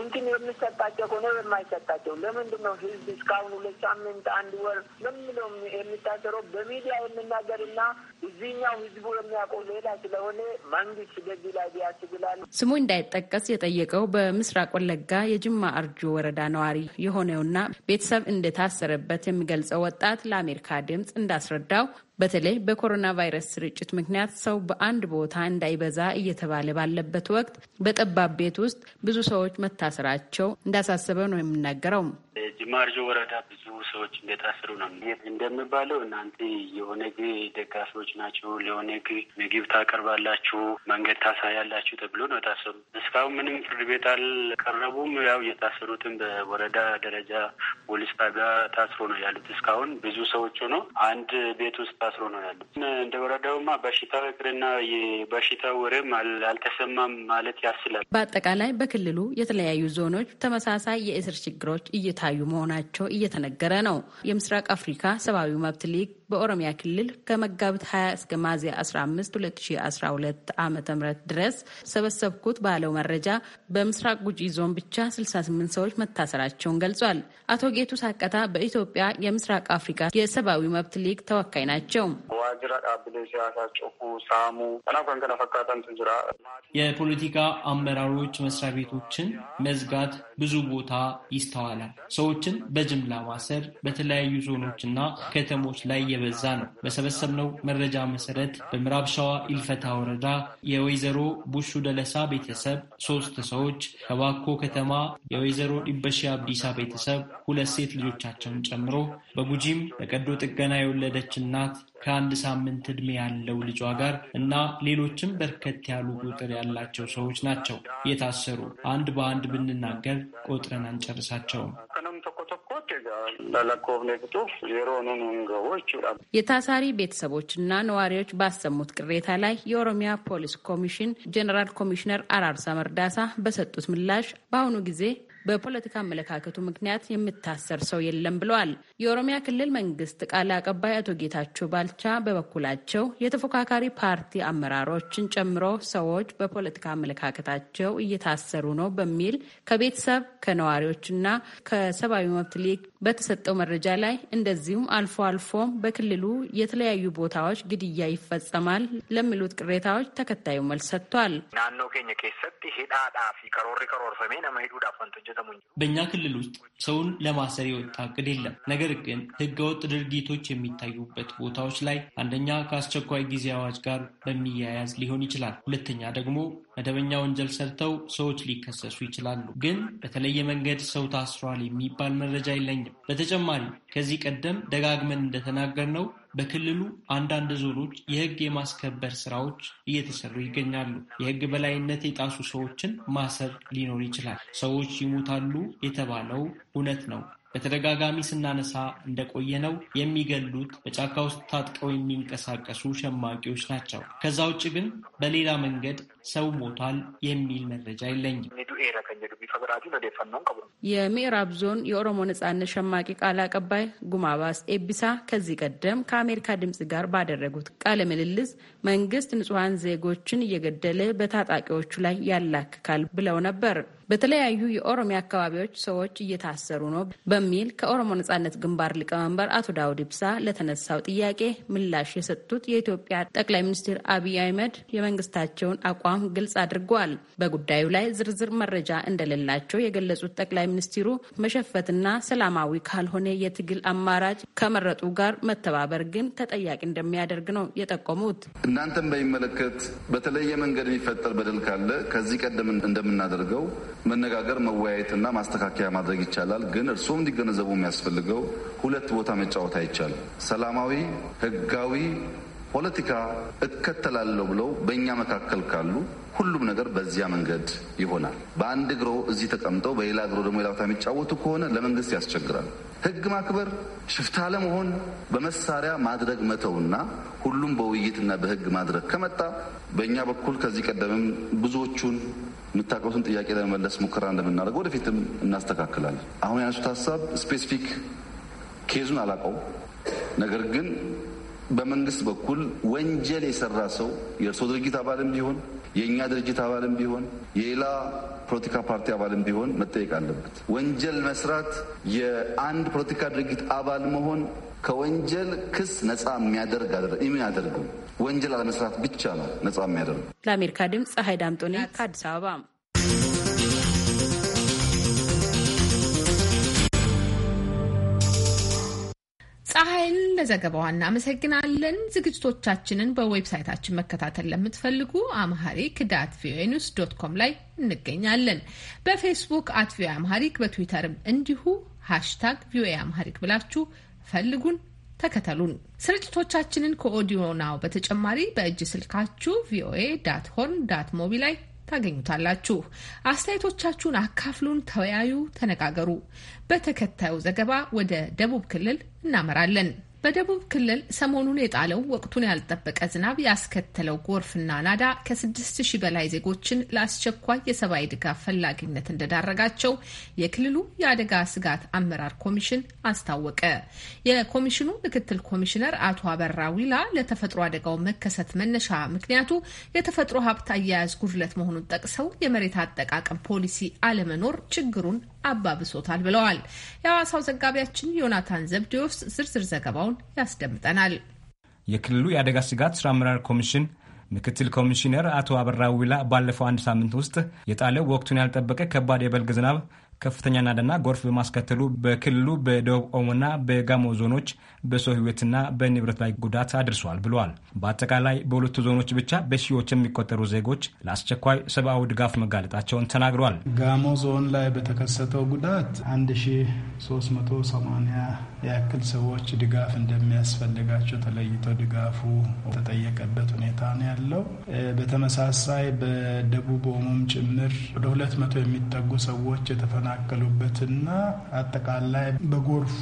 እንትን የሚሰጣቸው ከሆነ የማይሰጣቸው ለምንድን ነው ህዝብ እስካሁን ሁለት ሳምንት አንድ ወር ለምለው የሚታሰረው በሚዲያ የሚናገርና እዚህኛው ህዝቡ የሚያውቀው ሌላ ስለሆነ መንግስት በዚህ ላይ ቢያስብላል። ስሙ እንዳይጠቀስ የጠየቀው በምስራቅ ወለጋ የጅማ አርጆ ወረዳ ነዋሪ የሆነውና ቤተሰብ እንደታሰረበት የሚገልጸው ወጣት ለአሜሪካ ድምፅ እንዳስረዳው በተለይ በኮሮና ቫይረስ ስርጭት ምክንያት ሰው በአንድ ቦታ እንዳይበዛ እየተባለ ባለበት ወቅት በጠባብ ቤት ውስጥ ብዙ ሰዎች መታ መታሰራቸው እንዳሳሰበ ነው የምናገረው። ጅማርጆ ወረዳ ሰዎች እንደታሰሩ ነው። እንደሚባለው እናንተ የኦነግ ደጋፊዎች ናችሁ፣ ለኦነግ ምግብ ታቀርባላችሁ፣ መንገድ ታሳያላችሁ ተብሎ ነው የታሰሩ። እስካሁን ምንም ፍርድ ቤት አልቀረቡም። ያው የታሰሩትን በወረዳ ደረጃ ፖሊስ ጣቢያ ታስሮ ነው ያሉት። እስካሁን ብዙ ሰዎች ሆኖ አንድ ቤት ውስጥ ታስሮ ነው ያሉት። እንደ ወረዳውማ በሽታ እቅርና የበሽታ ወሬም አልተሰማም ማለት ያስላል። በአጠቃላይ በክልሉ የተለያዩ ዞኖች ተመሳሳይ የእስር ችግሮች እየታዩ መሆናቸው እየተነገረ እየተነገረ ነው። የምስራቅ አፍሪካ ሰብአዊ መብት ሊግ በኦሮሚያ ክልል ከመጋቢት 20 እስከ ሚያዝያ 15 2012 ዓ ም ድረስ ሰበሰብኩት ባለው መረጃ በምስራቅ ጉጂ ዞን ብቻ 68 ሰዎች መታሰራቸውን ገልጿል። አቶ ጌቱ ሳቀታ በኢትዮጵያ የምስራቅ አፍሪካ የሰብአዊ መብት ሊግ ተወካይ ናቸው። የፖለቲካ አመራሮች መስሪያ ቤቶችን መዝጋት ብዙ ቦታ ይስተዋላል። ሰዎችን በጅምላ ማሰር በተለያዩ ዞኖችና ከተሞች ላይ የበዛ ነው። በሰበሰብነው መረጃ መሰረት በምዕራብ ሸዋ ኢልፈታ ወረዳ የወይዘሮ ቡሹ ደለሳ ቤተሰብ ሶስት ሰዎች፣ ከባኮ ከተማ የወይዘሮ ዲበሺ አብዲሳ ቤተሰብ ሁለት ሴት ልጆቻቸውን ጨምሮ፣ በጉጂም በቀዶ ጥገና የወለደች እናት ከአንድ ሳምንት ዕድሜ ያለው ልጇ ጋር እና ሌሎችም በርከት ያሉ ቁጥር ያላቸው ሰዎች ናቸው የታሰሩ። አንድ በአንድ ብንናገር ቆጥረን አንጨርሳቸውም። የታሳሪ ቤተሰቦችና ነዋሪዎች ባሰሙት ቅሬታ ላይ የኦሮሚያ ፖሊስ ኮሚሽን ጀኔራል ኮሚሽነር አራርሳ መርዳሳ በሰጡት ምላሽ በአሁኑ ጊዜ በፖለቲካ አመለካከቱ ምክንያት የምታሰር ሰው የለም ብለዋል። የኦሮሚያ ክልል መንግስት ቃል አቀባይ አቶ ጌታቸው ባልቻ በበኩላቸው የተፎካካሪ ፓርቲ አመራሮችን ጨምሮ ሰዎች በፖለቲካ አመለካከታቸው እየታሰሩ ነው በሚል ከቤተሰብ ከነዋሪዎችና ከሰብአዊ መብት ሊግ በተሰጠው መረጃ ላይ እንደዚሁም አልፎ አልፎም በክልሉ የተለያዩ ቦታዎች ግድያ ይፈጸማል ለሚሉት ቅሬታዎች ተከታዩ መልስ ሰጥቷል። ናኖ ኬኛ ኬሰት ሂዳዳፊ ከሮሪ ከሮርፈሜ ነመ ሂዱዳፍ በእኛ ክልል ውስጥ ሰውን ለማሰር የወጣ እቅድ የለም። ነገር ግን ህገወጥ ድርጊቶች የሚታዩበት ቦታዎች ላይ አንደኛ ከአስቸኳይ ጊዜ አዋጅ ጋር በሚያያዝ ሊሆን ይችላል። ሁለተኛ ደግሞ መደበኛ ወንጀል ሰርተው ሰዎች ሊከሰሱ ይችላሉ። ግን በተለየ መንገድ ሰው ታስሯል የሚባል መረጃ የለኝም። በተጨማሪ ከዚህ ቀደም ደጋግመን እንደተናገርነው በክልሉ አንዳንድ ዞኖች የህግ የማስከበር ስራዎች እየተሰሩ ይገኛሉ። የህግ በላይነት የጣሱ ሰዎችን ማሰር ሊኖር ይችላል። ሰዎች ይሞታሉ የተባለው እውነት ነው። በተደጋጋሚ ስናነሳ እንደቆየ ነው የሚገሉት በጫካ ውስጥ ታጥቀው የሚንቀሳቀሱ ሸማቂዎች ናቸው። ከዛ ውጭ ግን በሌላ መንገድ ሰው ሞቷል የሚል መረጃ የለኝም። የምዕራብ ዞን የኦሮሞ ነጻነት ሸማቂ ቃል አቀባይ ጉማባስ ኤቢሳ ከዚህ ቀደም ከአሜሪካ ድምፅ ጋር ባደረጉት ቃለ ምልልስ መንግስት ንጹሐን ዜጎችን እየገደለ በታጣቂዎቹ ላይ ያላክካል ብለው ነበር። በተለያዩ የኦሮሚያ አካባቢዎች ሰዎች እየታሰሩ ነው በሚል ከኦሮሞ ነጻነት ግንባር ሊቀመንበር አቶ ዳውድ ኢብሳ ለተነሳው ጥያቄ ምላሽ የሰጡት የኢትዮጵያ ጠቅላይ ሚኒስትር አብይ አህመድ የመንግስታቸውን አቋም ባንክ ግልጽ አድርጓል። በጉዳዩ ላይ ዝርዝር መረጃ እንደሌላቸው የገለጹት ጠቅላይ ሚኒስትሩ መሸፈትና ሰላማዊ ካልሆነ የትግል አማራጭ ከመረጡ ጋር መተባበር ግን ተጠያቂ እንደሚያደርግ ነው የጠቆሙት። እናንተም በሚመለከት በተለየ መንገድ የሚፈጠር በደል ካለ ከዚህ ቀደም እንደምናደርገው መነጋገር፣ መወያየትና ማስተካከያ ማድረግ ይቻላል። ግን እርስዎም እንዲገነዘቡ የሚያስፈልገው ሁለት ቦታ መጫወት አይቻልም። ሰላማዊ ህጋዊ ፖለቲካ እከተላለሁ ብለው በእኛ መካከል ካሉ ሁሉም ነገር በዚያ መንገድ ይሆናል። በአንድ እግሮ እዚህ ተቀምጠው በሌላ እግሮ ደግሞ ሌላ ቦታ የሚጫወቱ ከሆነ ለመንግስት ያስቸግራል። ህግ ማክበር፣ ሽፍታ ለመሆን በመሳሪያ ማድረግ መተውና ሁሉም በውይይትና በህግ ማድረግ ከመጣ በእኛ በኩል ከዚህ ቀደምም ብዙዎቹን የምታቀሱን ጥያቄ ለመመለስ ሙከራ እንደምናደርገው ወደፊትም እናስተካክላለን። አሁን ያነሱት ሀሳብ ስፔሲፊክ ኬዙን አላውቀው ነገር ግን በመንግስት በኩል ወንጀል የሰራ ሰው የእርስዎ ድርጅት አባልም ቢሆን የእኛ ድርጅት አባልም ቢሆን የሌላ ፖለቲካ ፓርቲ አባልም ቢሆን መጠየቅ አለበት። ወንጀል መስራት የአንድ ፖለቲካ ድርጅት አባል መሆን ከወንጀል ክስ ነፃ የሚያደርግ የሚያደርጉ ወንጀል አለመስራት ብቻ ነው ነፃ የሚያደርግ። ለአሜሪካ ድምፅ ፀሐይ ዳምጦ ነኝ ከአዲስ አበባ። ፀሐይን ለዘገባዋ እናመሰግናለን። ዝግጅቶቻችንን በዌብሳይታችን መከታተል ለምትፈልጉ አምሃሪክ ዳት ቪኦኤ ኒውስ ዶት ኮም ላይ እንገኛለን። በፌስቡክ አት ቪኦኤ አምሃሪክ፣ በትዊተርም እንዲሁ ሃሽታግ ቪኦኤ አምሃሪክ ብላችሁ ፈልጉን፣ ተከተሉን። ስርጭቶቻችንን ከኦዲዮ ናው በተጨማሪ በእጅ ስልካችሁ ቪኦኤ ዳት ሆርን ዳት ሞቢ ላይ ታገኙታላችሁ። አስተያየቶቻችሁን አካፍሉን፣ ተወያዩ፣ ተነጋገሩ። በተከታዩ ዘገባ ወደ ደቡብ ክልል እናመራለን። በደቡብ ክልል ሰሞኑን የጣለው ወቅቱን ያልጠበቀ ዝናብ ያስከተለው ጎርፍና ናዳ ከ6000 በላይ ዜጎችን ለአስቸኳይ የሰብአዊ ድጋፍ ፈላጊነት እንደዳረጋቸው የክልሉ የአደጋ ስጋት አመራር ኮሚሽን አስታወቀ። የኮሚሽኑ ምክትል ኮሚሽነር አቶ አበራ ዊላ ለተፈጥሮ አደጋው መከሰት መነሻ ምክንያቱ የተፈጥሮ ሀብት አያያዝ ጉድለት መሆኑን ጠቅሰው የመሬት አጠቃቀም ፖሊሲ አለመኖር ችግሩን አባብሶታል ብለዋል። የሐዋሳው ዘጋቢያችን ዮናታን ዘብዴዎስ ዝርዝር ዘገባውን ያስደምጠናል። የክልሉ የአደጋ ስጋት ስራ አመራር ኮሚሽን ምክትል ኮሚሽነር አቶ አበራ ዊላ ባለፈው አንድ ሳምንት ውስጥ የጣለው ወቅቱን ያልጠበቀ ከባድ የበልግ ዝናብ ከፍተኛ ናዳና ጎርፍ በማስከተሉ በክልሉ በደቡብ ኦሞና በጋሞ ዞኖች በሰው ህይወትና በንብረት ላይ ጉዳት አድርሷል ብለዋል። በአጠቃላይ በሁለቱ ዞኖች ብቻ በሺዎች የሚቆጠሩ ዜጎች ለአስቸኳይ ሰብአዊ ድጋፍ መጋለጣቸውን ተናግረዋል። ጋሞ ዞን ላይ በተከሰተው ጉዳት 1380 ያክል ሰዎች ድጋፍ እንደሚያስፈልጋቸው ተለይቶ ድጋፉ ተጠየቀበት ሁኔታ ነው ያለው። በተመሳሳይ በደቡብ ኦሞም ጭምር ወደ 200 የሚጠጉ ሰዎች የተፈና የተፈናቀሉበትና አጠቃላይ በጎርፉ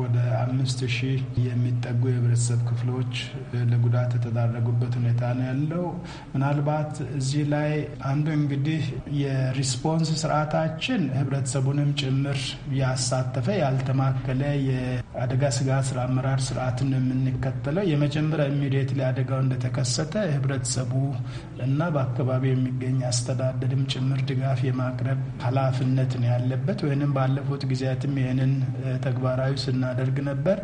ወደ አምስት ሺህ የሚጠጉ የህብረተሰብ ክፍሎች ለጉዳት የተዳረጉበት ሁኔታ ነው ያለው። ምናልባት እዚህ ላይ አንዱ እንግዲህ የሪስፖንስ ስርዓታችን ህብረተሰቡንም ጭምር ያሳተፈ ያልተማከለ የአደጋ ስጋት ስራ አመራር ስርዓትን የምንከተለው የመጀመሪያ ኢሚዲየት ላይ አደጋው እንደተከሰተ ህብረተሰቡ እና በአካባቢው የሚገኝ አስተዳደርም ጭምር ድጋፍ የማቅረብ ኃላፊነት ነው ያለበት ወይንም ባለፉት ጊዜያትም ይህንን ተግባራዊ ስናደርግ ነበር።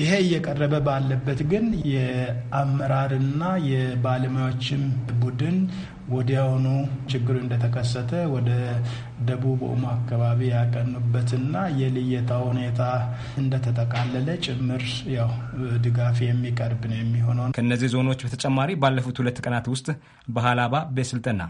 ይሄ እየቀረበ ባለበት ግን የአመራርና የባለሙያዎችም ቡድን ወዲያውኑ ችግሩ እንደተከሰተ ወደ ደቡብ ኦሞ አካባቢ ያቀኑበትና የልየታ ሁኔታ እንደተጠቃለለ ጭምር ያው ድጋፍ የሚቀርብ ነው የሚሆነው። ከእነዚህ ዞኖች በተጨማሪ ባለፉት ሁለት ቀናት ውስጥ በሀላባ በስልጠና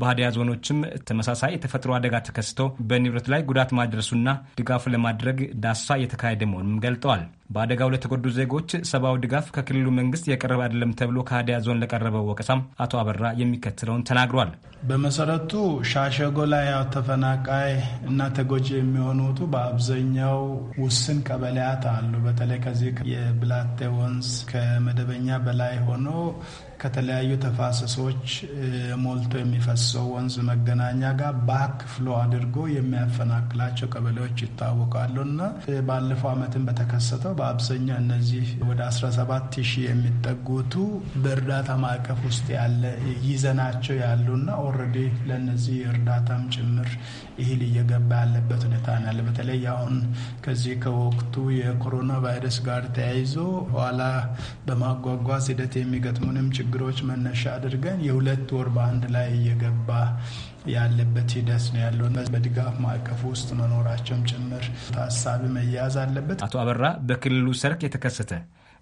በሀዲያ ዞኖችም ተመሳሳይ የተፈጥሮ አደጋ ተከስቶ በንብረት ላይ ጉዳት ማድረሱና ድጋፍ ለማድረግ ዳሳ እየተካሄደ መሆኑም ገልጠዋል። በአደጋው ለተጎዱ ዜጎች ሰብአዊ ድጋፍ ከክልሉ መንግስት የቀረበ አይደለም ተብሎ ከሀዲያ ዞን ለቀረበው ወቀሳም አቶ አበራ የሚከተለውን ተናግሯል። በመሰረቱ ሻሸጎ ላይ ያው ተፈናቃይ እና ተጎጂ የሚሆኑቱ በአብዛኛው ውስን ቀበሌያት አሉ። በተለይ ከዚህ የብላቴ ወንዝ ከመደበኛ በላይ ሆኖ ከተለያዩ ተፋሰሶች ሞልቶ የሚፈሰው ወንዝ መገናኛ ጋር ባክ ፍሎ አድርጎ የሚያፈናቅላቸው ቀበሌዎች ይታወቃሉ እና ባለፈው ዓመትም በተከሰተው በአብዛኛ እነዚህ ወደ 17 ሺህ የሚጠጉቱ በእርዳታ ማዕቀፍ ውስጥ ያለ ይዘናቸው ያሉና ኦልሬዲ ለእነዚህ እርዳታም ጭምር እህል እየገባ ያለበት ሁኔታ ያለ። በተለይ አሁን ከዚህ ከወቅቱ የኮሮና ቫይረስ ጋር ተያይዞ ኋላ በማጓጓዝ ሂደት የሚገጥሙንም ችግሮች መነሻ አድርገን የሁለት ወር በአንድ ላይ እየገባ ያለበት ሂደት ነው ያለው። በድጋፍ ማዕቀፍ ውስጥ መኖራቸውም ጭምር ታሳቢ መያዝ አለበት። አቶ አበራ በክልሉ ሰርክ የተከሰተ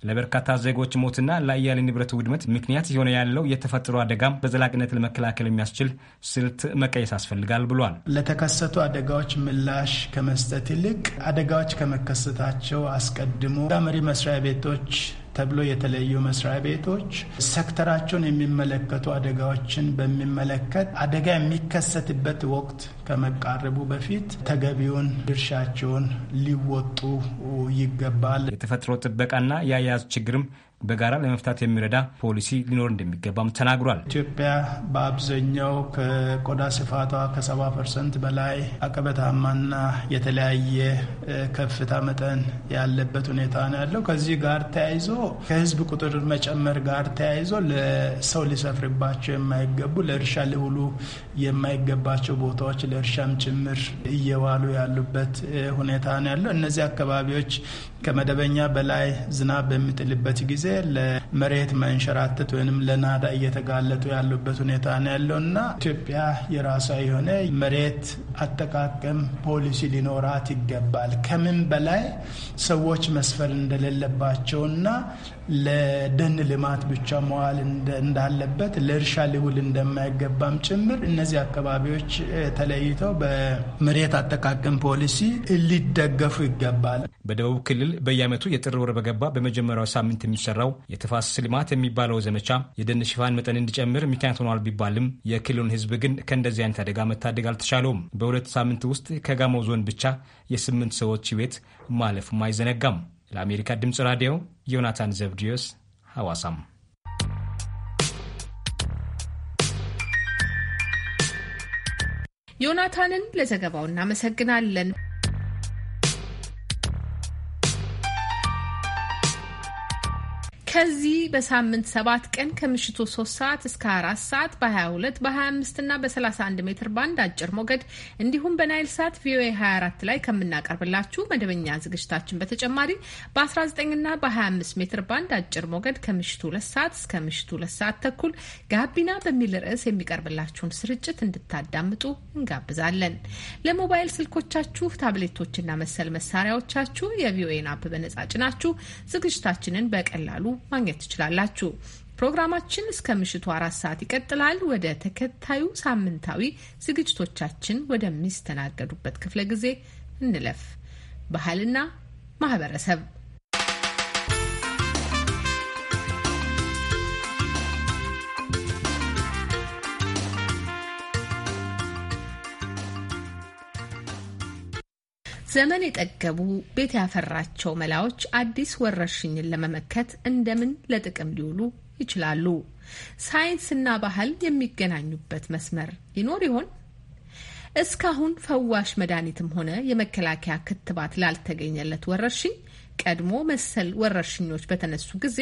ለበርካታ ዜጎች ሞትና ለአያሌ ንብረት ውድመት ምክንያት የሆነ ያለው የተፈጥሮ አደጋም በዘላቂነት ለመከላከል የሚያስችል ስልት መቀየስ አስፈልጋል ብሏል። ለተከሰቱ አደጋዎች ምላሽ ከመስጠት ይልቅ አደጋዎች ከመከሰታቸው አስቀድሞ መሪ መስሪያ ቤቶች ተብሎ የተለዩ መስሪያ ቤቶች ሴክተራቸውን የሚመለከቱ አደጋዎችን በሚመለከት አደጋ የሚከሰትበት ወቅት ከመቃረቡ በፊት ተገቢውን ድርሻቸውን ሊወጡ ይገባል። የተፈጥሮ ጥበቃና የአያያዝ ችግርም በጋራ ለመፍታት የሚረዳ ፖሊሲ ሊኖር እንደሚገባም ተናግሯል። ኢትዮጵያ በአብዛኛው ከቆዳ ስፋቷ ከ70 ፐርሰንት በላይ አቀበታማና የተለያየ ከፍታ መጠን ያለበት ሁኔታ ነው ያለው። ከዚህ ጋር ተያይዞ ከህዝብ ቁጥር መጨመር ጋር ተያይዞ ለሰው ሊሰፍርባቸው የማይገቡ ለእርሻ ሊውሉ የማይገባቸው ቦታዎች ለእርሻም ጭምር እየዋሉ ያሉበት ሁኔታ ነው ያለው። እነዚህ አካባቢዎች ከመደበኛ በላይ ዝናብ በሚጥልበት ጊዜ ለመሬት መንሸራተት ወይም ለናዳ እየተጋለጡ ያሉበት ሁኔታ ነው ያለውና ኢትዮጵያ የራሷ የሆነ መሬት አጠቃቀም ፖሊሲ ሊኖራት ይገባል። ከምን በላይ ሰዎች መስፈር እንደሌለባቸው እና ለደን ልማት ብቻ መዋል እንዳለበት ለእርሻ ሊውል እንደማይገባም ጭምር እነዚህ አካባቢዎች ተለይተው በመሬት አጠቃቀም ፖሊሲ ሊደገፉ ይገባል። በደቡብ ክልል በየዓመቱ የጥር ወር በገባ በመጀመሪያው ሳምንት የሚሰራ የተሰራው የተፋሰስ ልማት የሚባለው ዘመቻ የደን ሽፋን መጠን እንዲጨምር ምክንያት ሆኗል ቢባልም የክልሉን ህዝብ ግን ከእንደዚህ አይነት አደጋ መታደግ አልተቻለውም። በሁለት ሳምንት ውስጥ ከጋሞ ዞን ብቻ የስምንት ሰዎች ህይወት ማለፉም አይዘነጋም። ለአሜሪካ ድምፅ ራዲዮ ዮናታን ዘብድዮስ ሐዋሳም ዮናታንን ለዘገባው እናመሰግናለን። ከዚህ በሳምንት ሰባት ቀን ከምሽቱ ሶስት ሰዓት እስከ አራት ሰዓት በ22 በ25 እና በ31 ሜትር ባንድ አጭር ሞገድ እንዲሁም በናይል ሳት ቪኦኤ 24 ላይ ከምናቀርብላችሁ መደበኛ ዝግጅታችን በተጨማሪ በ19 እና በ25 ሜትር ባንድ አጭር ሞገድ ከምሽቱ ሁለት ሰዓት እስከ ምሽቱ ሁለት ሰዓት ተኩል ጋቢና በሚል ርዕስ የሚቀርብላችሁን ስርጭት እንድታዳምጡ እንጋብዛለን። ለሞባይል ስልኮቻችሁ ታብሌቶችና መሰል መሳሪያዎቻችሁ የቪኦኤን አፕ በነጻ ጭናችሁ ዝግጅታችንን በቀላሉ ማግኘት ትችላላችሁ። ፕሮግራማችን እስከ ምሽቱ አራት ሰዓት ይቀጥላል። ወደ ተከታዩ ሳምንታዊ ዝግጅቶቻችን ወደሚስተናገዱበት ክፍለ ጊዜ እንለፍ። ባህልና ማህበረሰብ ዘመን የጠገቡ ቤት ያፈራቸው መላዎች አዲስ ወረርሽኝን ለመመከት እንደምን ለጥቅም ሊውሉ ይችላሉ? ሳይንስና ባህል የሚገናኙበት መስመር ይኖር ይሆን? እስካሁን ፈዋሽ መድኃኒትም ሆነ የመከላከያ ክትባት ላልተገኘለት ወረርሽኝ ቀድሞ መሰል ወረርሽኞች በተነሱ ጊዜ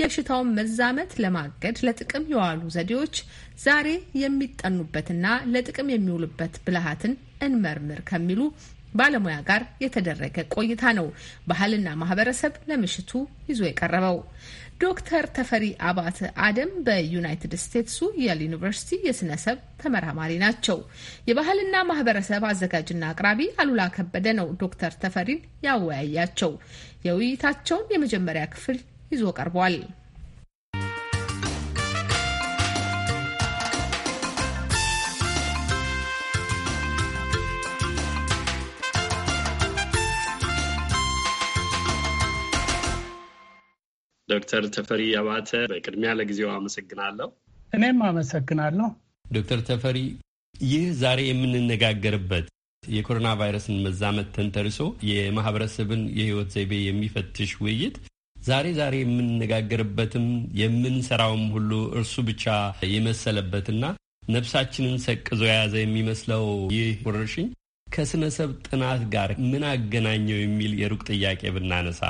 የበሽታውን መዛመት ለማገድ ለጥቅም የዋሉ ዘዴዎች ዛሬ የሚጠኑበትና ለጥቅም የሚውሉበት ብልሃትን እንመርምር ከሚሉ ባለሙያ ጋር የተደረገ ቆይታ ነው። ባህልና ማህበረሰብ ለምሽቱ ይዞ የቀረበው ዶክተር ተፈሪ አባተ አደም በዩናይትድ ስቴትሱ የል ዩኒቨርሲቲ የስነሰብ ተመራማሪ ናቸው። የባህልና ማህበረሰብ አዘጋጅና አቅራቢ አሉላ ከበደ ነው ዶክተር ተፈሪን ያወያያቸው። የውይይታቸውን የመጀመሪያ ክፍል ይዞ ቀርቧል። ዶክተር ተፈሪ አባተ በቅድሚያ ለጊዜው አመሰግናለሁ። እኔም አመሰግናለሁ። ዶክተር ተፈሪ ይህ ዛሬ የምንነጋገርበት የኮሮና ቫይረስን መዛመት ተንተርሶ የማህበረሰብን የህይወት ዘይቤ የሚፈትሽ ውይይት ዛሬ ዛሬ የምንነጋገርበትም የምንሰራውም ሁሉ እርሱ ብቻ የመሰለበትና ነፍሳችንን ሰቅዞ የያዘ የሚመስለው ይህ ወረርሽኝ ከስነሰብ ጥናት ጋር ምን አገናኘው የሚል የሩቅ ጥያቄ ብናነሳ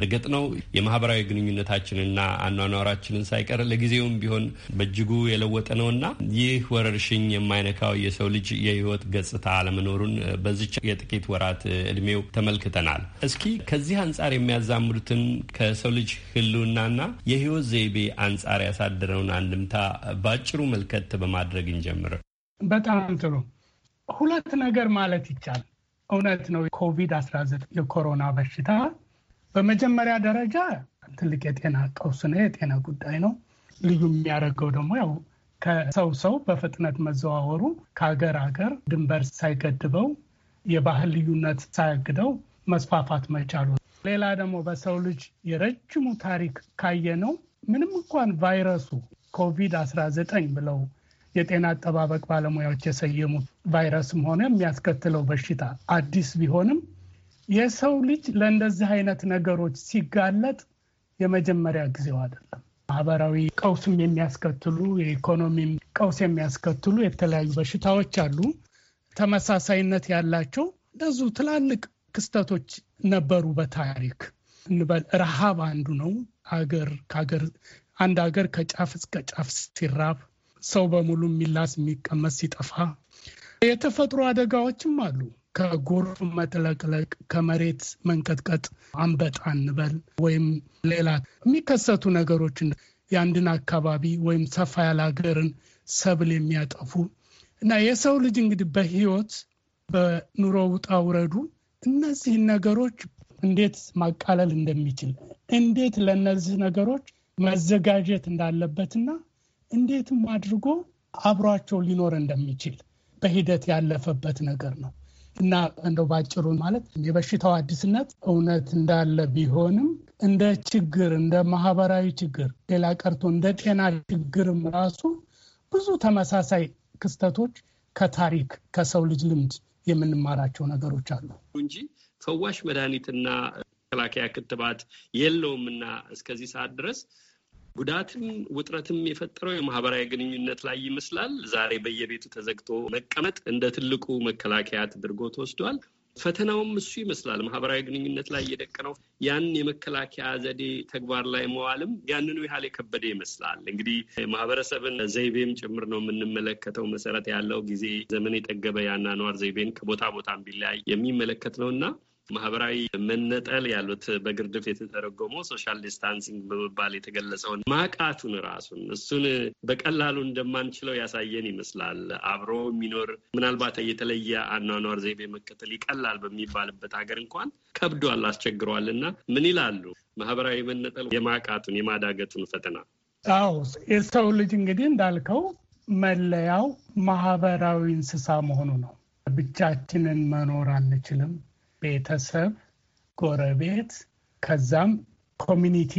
እርግጥ ነው የማህበራዊ ግንኙነታችንና አኗኗራችንን ሳይቀር ለጊዜውም ቢሆን በእጅጉ የለወጠ ነውና ይህ ወረርሽኝ የማይነካው የሰው ልጅ የህይወት ገጽታ አለመኖሩን በዚች የጥቂት ወራት እድሜው ተመልክተናል። እስኪ ከዚህ አንጻር የሚያዛምዱትን ከሰው ልጅ ህልውናና የህይወት ዘይቤ አንጻር ያሳደረውን አንድምታ በአጭሩ መልከት በማድረግ እንጀምር። በጣም ጥሩ። ሁለት ነገር ማለት ይቻላል። እውነት ነው ኮቪድ-19 የኮሮና በሽታ በመጀመሪያ ደረጃ ትልቅ የጤና ቀውስና የጤና ጉዳይ ነው። ልዩ የሚያደርገው ደግሞ ያው ከሰው ሰው በፍጥነት መዘዋወሩ ከሀገር ሀገር ድንበር ሳይገድበው የባህል ልዩነት ሳያግደው መስፋፋት መቻሉ። ሌላ ደግሞ በሰው ልጅ የረጅሙ ታሪክ ካየ ነው ምንም እንኳን ቫይረሱ ኮቪድ-19 ብለው የጤና አጠባበቅ ባለሙያዎች የሰየሙት ቫይረስም ሆነ የሚያስከትለው በሽታ አዲስ ቢሆንም የሰው ልጅ ለእንደዚህ አይነት ነገሮች ሲጋለጥ የመጀመሪያ ጊዜው አይደለም። ማህበራዊ ቀውስም የሚያስከትሉ የኢኮኖሚም ቀውስ የሚያስከትሉ የተለያዩ በሽታዎች አሉ። ተመሳሳይነት ያላቸው እንደዙ ትላልቅ ክስተቶች ነበሩ በታሪክ እንበል። ረሃብ አንዱ ነው። አገር ከአገር አንድ አገር ከጫፍ እስከ ጫፍ ሲራብ ሰው በሙሉ የሚላስ የሚቀመስ ሲጠፋ የተፈጥሮ አደጋዎችም አሉ። ከጎርፍ መጥለቅለቅ፣ ከመሬት መንቀጥቀጥ፣ አንበጣ እንበል ወይም ሌላ የሚከሰቱ ነገሮች የአንድን አካባቢ ወይም ሰፋ ያለ ሀገርን ሰብል የሚያጠፉ እና የሰው ልጅ እንግዲህ በህይወት በኑሮ ውጣ ውረዱ እነዚህን ነገሮች እንዴት ማቃለል እንደሚችል እንዴት ለእነዚህ ነገሮች መዘጋጀት እንዳለበትና እንዴትም አድርጎ አብሯቸው ሊኖር እንደሚችል በሂደት ያለፈበት ነገር ነው። እና እንደው ባጭሩ ማለት የበሽታው አዲስነት እውነት እንዳለ ቢሆንም እንደ ችግር እንደ ማህበራዊ ችግር ሌላ ቀርቶ እንደ ጤና ችግርም ራሱ ብዙ ተመሳሳይ ክስተቶች ከታሪክ ከሰው ልጅ ልምድ የምንማራቸው ነገሮች አሉ እንጂ ፈዋሽ መድኃኒትና መከላከያ ክትባት የለውምና እስከዚህ ሰዓት ድረስ ጉዳትም ውጥረትም የፈጠረው የማህበራዊ ግንኙነት ላይ ይመስላል። ዛሬ በየቤቱ ተዘግቶ መቀመጥ እንደ ትልቁ መከላከያ ተደርጎ ተወስዷል። ፈተናውም እሱ ይመስላል። ማህበራዊ ግንኙነት ላይ እየደቀነው ያን የመከላከያ ዘዴ ተግባር ላይ መዋልም ያንኑ ያህል የከበደ ይመስላል። እንግዲህ ማህበረሰብን ዘይቤም ጭምር ነው የምንመለከተው። መሰረት ያለው ጊዜ ዘመን የጠገበ ያናኗር ዘይቤን ከቦታ ቦታ ቢለያይ የሚመለከት ነው እና ማህበራዊ መነጠል ያሉት በግርድፍ የተተረጎመው ሶሻል ዲስታንሲንግ በመባል የተገለጸውን ማቃቱን ራሱን እሱን በቀላሉ እንደማንችለው ያሳየን ይመስላል። አብሮ የሚኖር ምናልባት የተለየ አኗኗር ዘይቤ መከተል ይቀላል በሚባልበት ሀገር እንኳን ከብዷል፣ አስቸግሯል እና ምን ይላሉ ማህበራዊ መነጠል የማቃቱን የማዳገቱን ፈተና? አዎ የሰው ልጅ እንግዲህ እንዳልከው መለያው ማህበራዊ እንስሳ መሆኑ ነው። ብቻችንን መኖር አንችልም። ቤተሰብ፣ ጎረቤት፣ ከዛም ኮሚኒቲ፣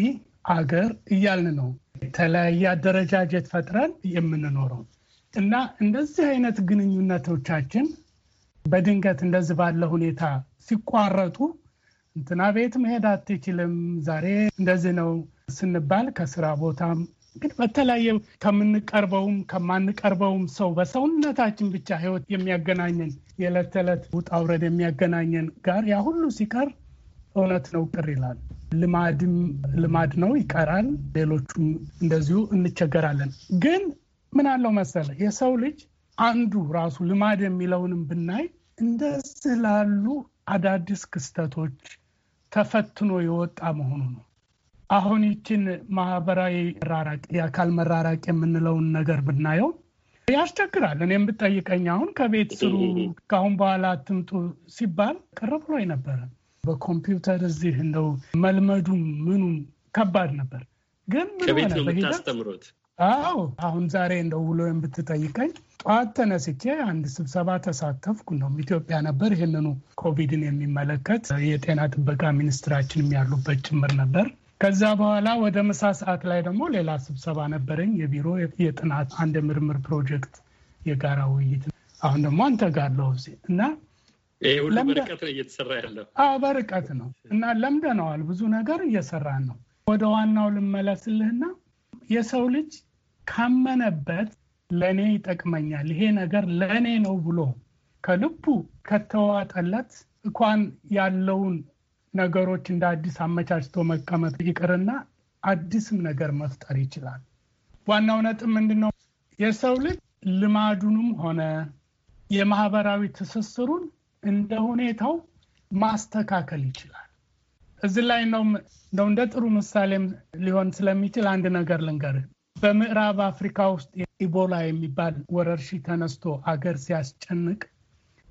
አገር እያልን ነው የተለያየ አደረጃጀት ፈጥረን የምንኖረው እና እንደዚህ አይነት ግንኙነቶቻችን በድንገት እንደዚህ ባለ ሁኔታ ሲቋረጡ እንትና ቤት መሄድ አትችልም፣ ዛሬ እንደዚህ ነው ስንባል ከስራ ቦታም ግን በተለያየ ከምንቀርበውም ከማንቀርበውም ሰው በሰውነታችን ብቻ ህይወት የሚያገናኘን የዕለት ተዕለት ውጣ ውረድ የሚያገናኘን ጋር ያ ሁሉ ሲቀር እውነት ነው ቅር ይላል። ልማድም ልማድ ነው ይቀራል። ሌሎቹም እንደዚሁ እንቸገራለን። ግን ምን አለው መሰለ የሰው ልጅ አንዱ ራሱ ልማድ የሚለውንም ብናይ እንደ ስላሉ አዳዲስ ክስተቶች ተፈትኖ የወጣ መሆኑ ነው። አሁን ይችን ማህበራዊ መራራቅ የአካል መራራቅ የምንለውን ነገር ብናየው ያስቸግራል። እኔም ብጠይቀኝ አሁን ከቤት ስሩ ከአሁን በኋላ አትምጡ ሲባል ቅር ብሎ ነበረ። በኮምፒውተር እዚህ እንደው መልመዱ ምኑ ከባድ ነበር። ግን ከቤት አዎ። አሁን ዛሬ እንደው ውሎዬን ብትጠይቀኝ ጠዋት ተነስቼ አንድ ስብሰባ ተሳተፍኩ። እንደውም ኢትዮጵያ ነበር። ይህንኑ ኮቪድን የሚመለከት የጤና ጥበቃ ሚኒስትራችንም ያሉበት ጭምር ነበር ከዛ በኋላ ወደ ምሳ ሰዓት ላይ ደግሞ ሌላ ስብሰባ ነበረኝ። የቢሮ የጥናት አንድ የምርምር ፕሮጀክት የጋራ ውይይት አሁን ደግሞ አንተ ጋር ለው እና በርቀት ነው እየተሰራ ያለው። በርቀት ነው እና ለምደነዋል። ብዙ ነገር እየሰራን ነው። ወደ ዋናው ልመለስልህና የሰው ልጅ ካመነበት ለእኔ ይጠቅመኛል፣ ይሄ ነገር ለእኔ ነው ብሎ ከልቡ ከተዋጠለት እንኳን ያለውን ነገሮች እንደ አዲስ አመቻችቶ መቀመጥ ይቅርና አዲስም ነገር መፍጠር ይችላል። ዋናው ነጥብ ምንድን ነው? የሰው ልጅ ልማዱንም ሆነ የማህበራዊ ትስስሩን እንደ ሁኔታው ማስተካከል ይችላል። እዚህ ላይ ነው እንደው እንደ ጥሩ ምሳሌም ሊሆን ስለሚችል አንድ ነገር ልንገርህ። በምዕራብ አፍሪካ ውስጥ ኢቦላ የሚባል ወረርሽኝ ተነስቶ አገር ሲያስጨንቅ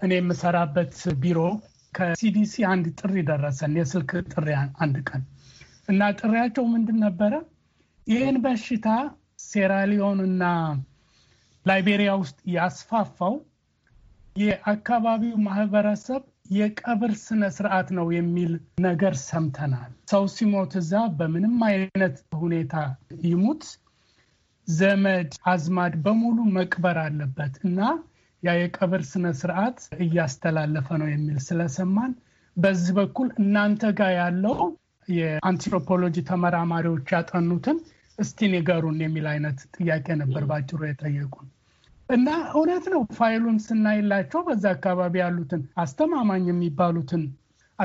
እኔ የምሰራበት ቢሮ ከሲዲሲ አንድ ጥሪ ደረሰን፣ የስልክ ጥሪ አንድ ቀን እና ጥሪያቸው ምንድን ነበረ? ይህን በሽታ ሴራሊዮን እና ላይቤሪያ ውስጥ ያስፋፋው የአካባቢው ማህበረሰብ የቀብር ስነ ስርዓት ነው የሚል ነገር ሰምተናል። ሰው ሲሞት እዛ በምንም አይነት ሁኔታ ይሙት ዘመድ አዝማድ በሙሉ መቅበር አለበት እና ያ የቀብር ስነ ስርዓት እያስተላለፈ ነው የሚል ስለሰማን በዚህ በኩል እናንተ ጋር ያለው የአንትሮፖሎጂ ተመራማሪዎች ያጠኑትን እስቲ ንገሩን የሚል አይነት ጥያቄ ነበር ባጭሩ የጠየቁን። እና እውነት ነው ፋይሉን ስናይላቸው በዛ አካባቢ ያሉትን አስተማማኝ የሚባሉትን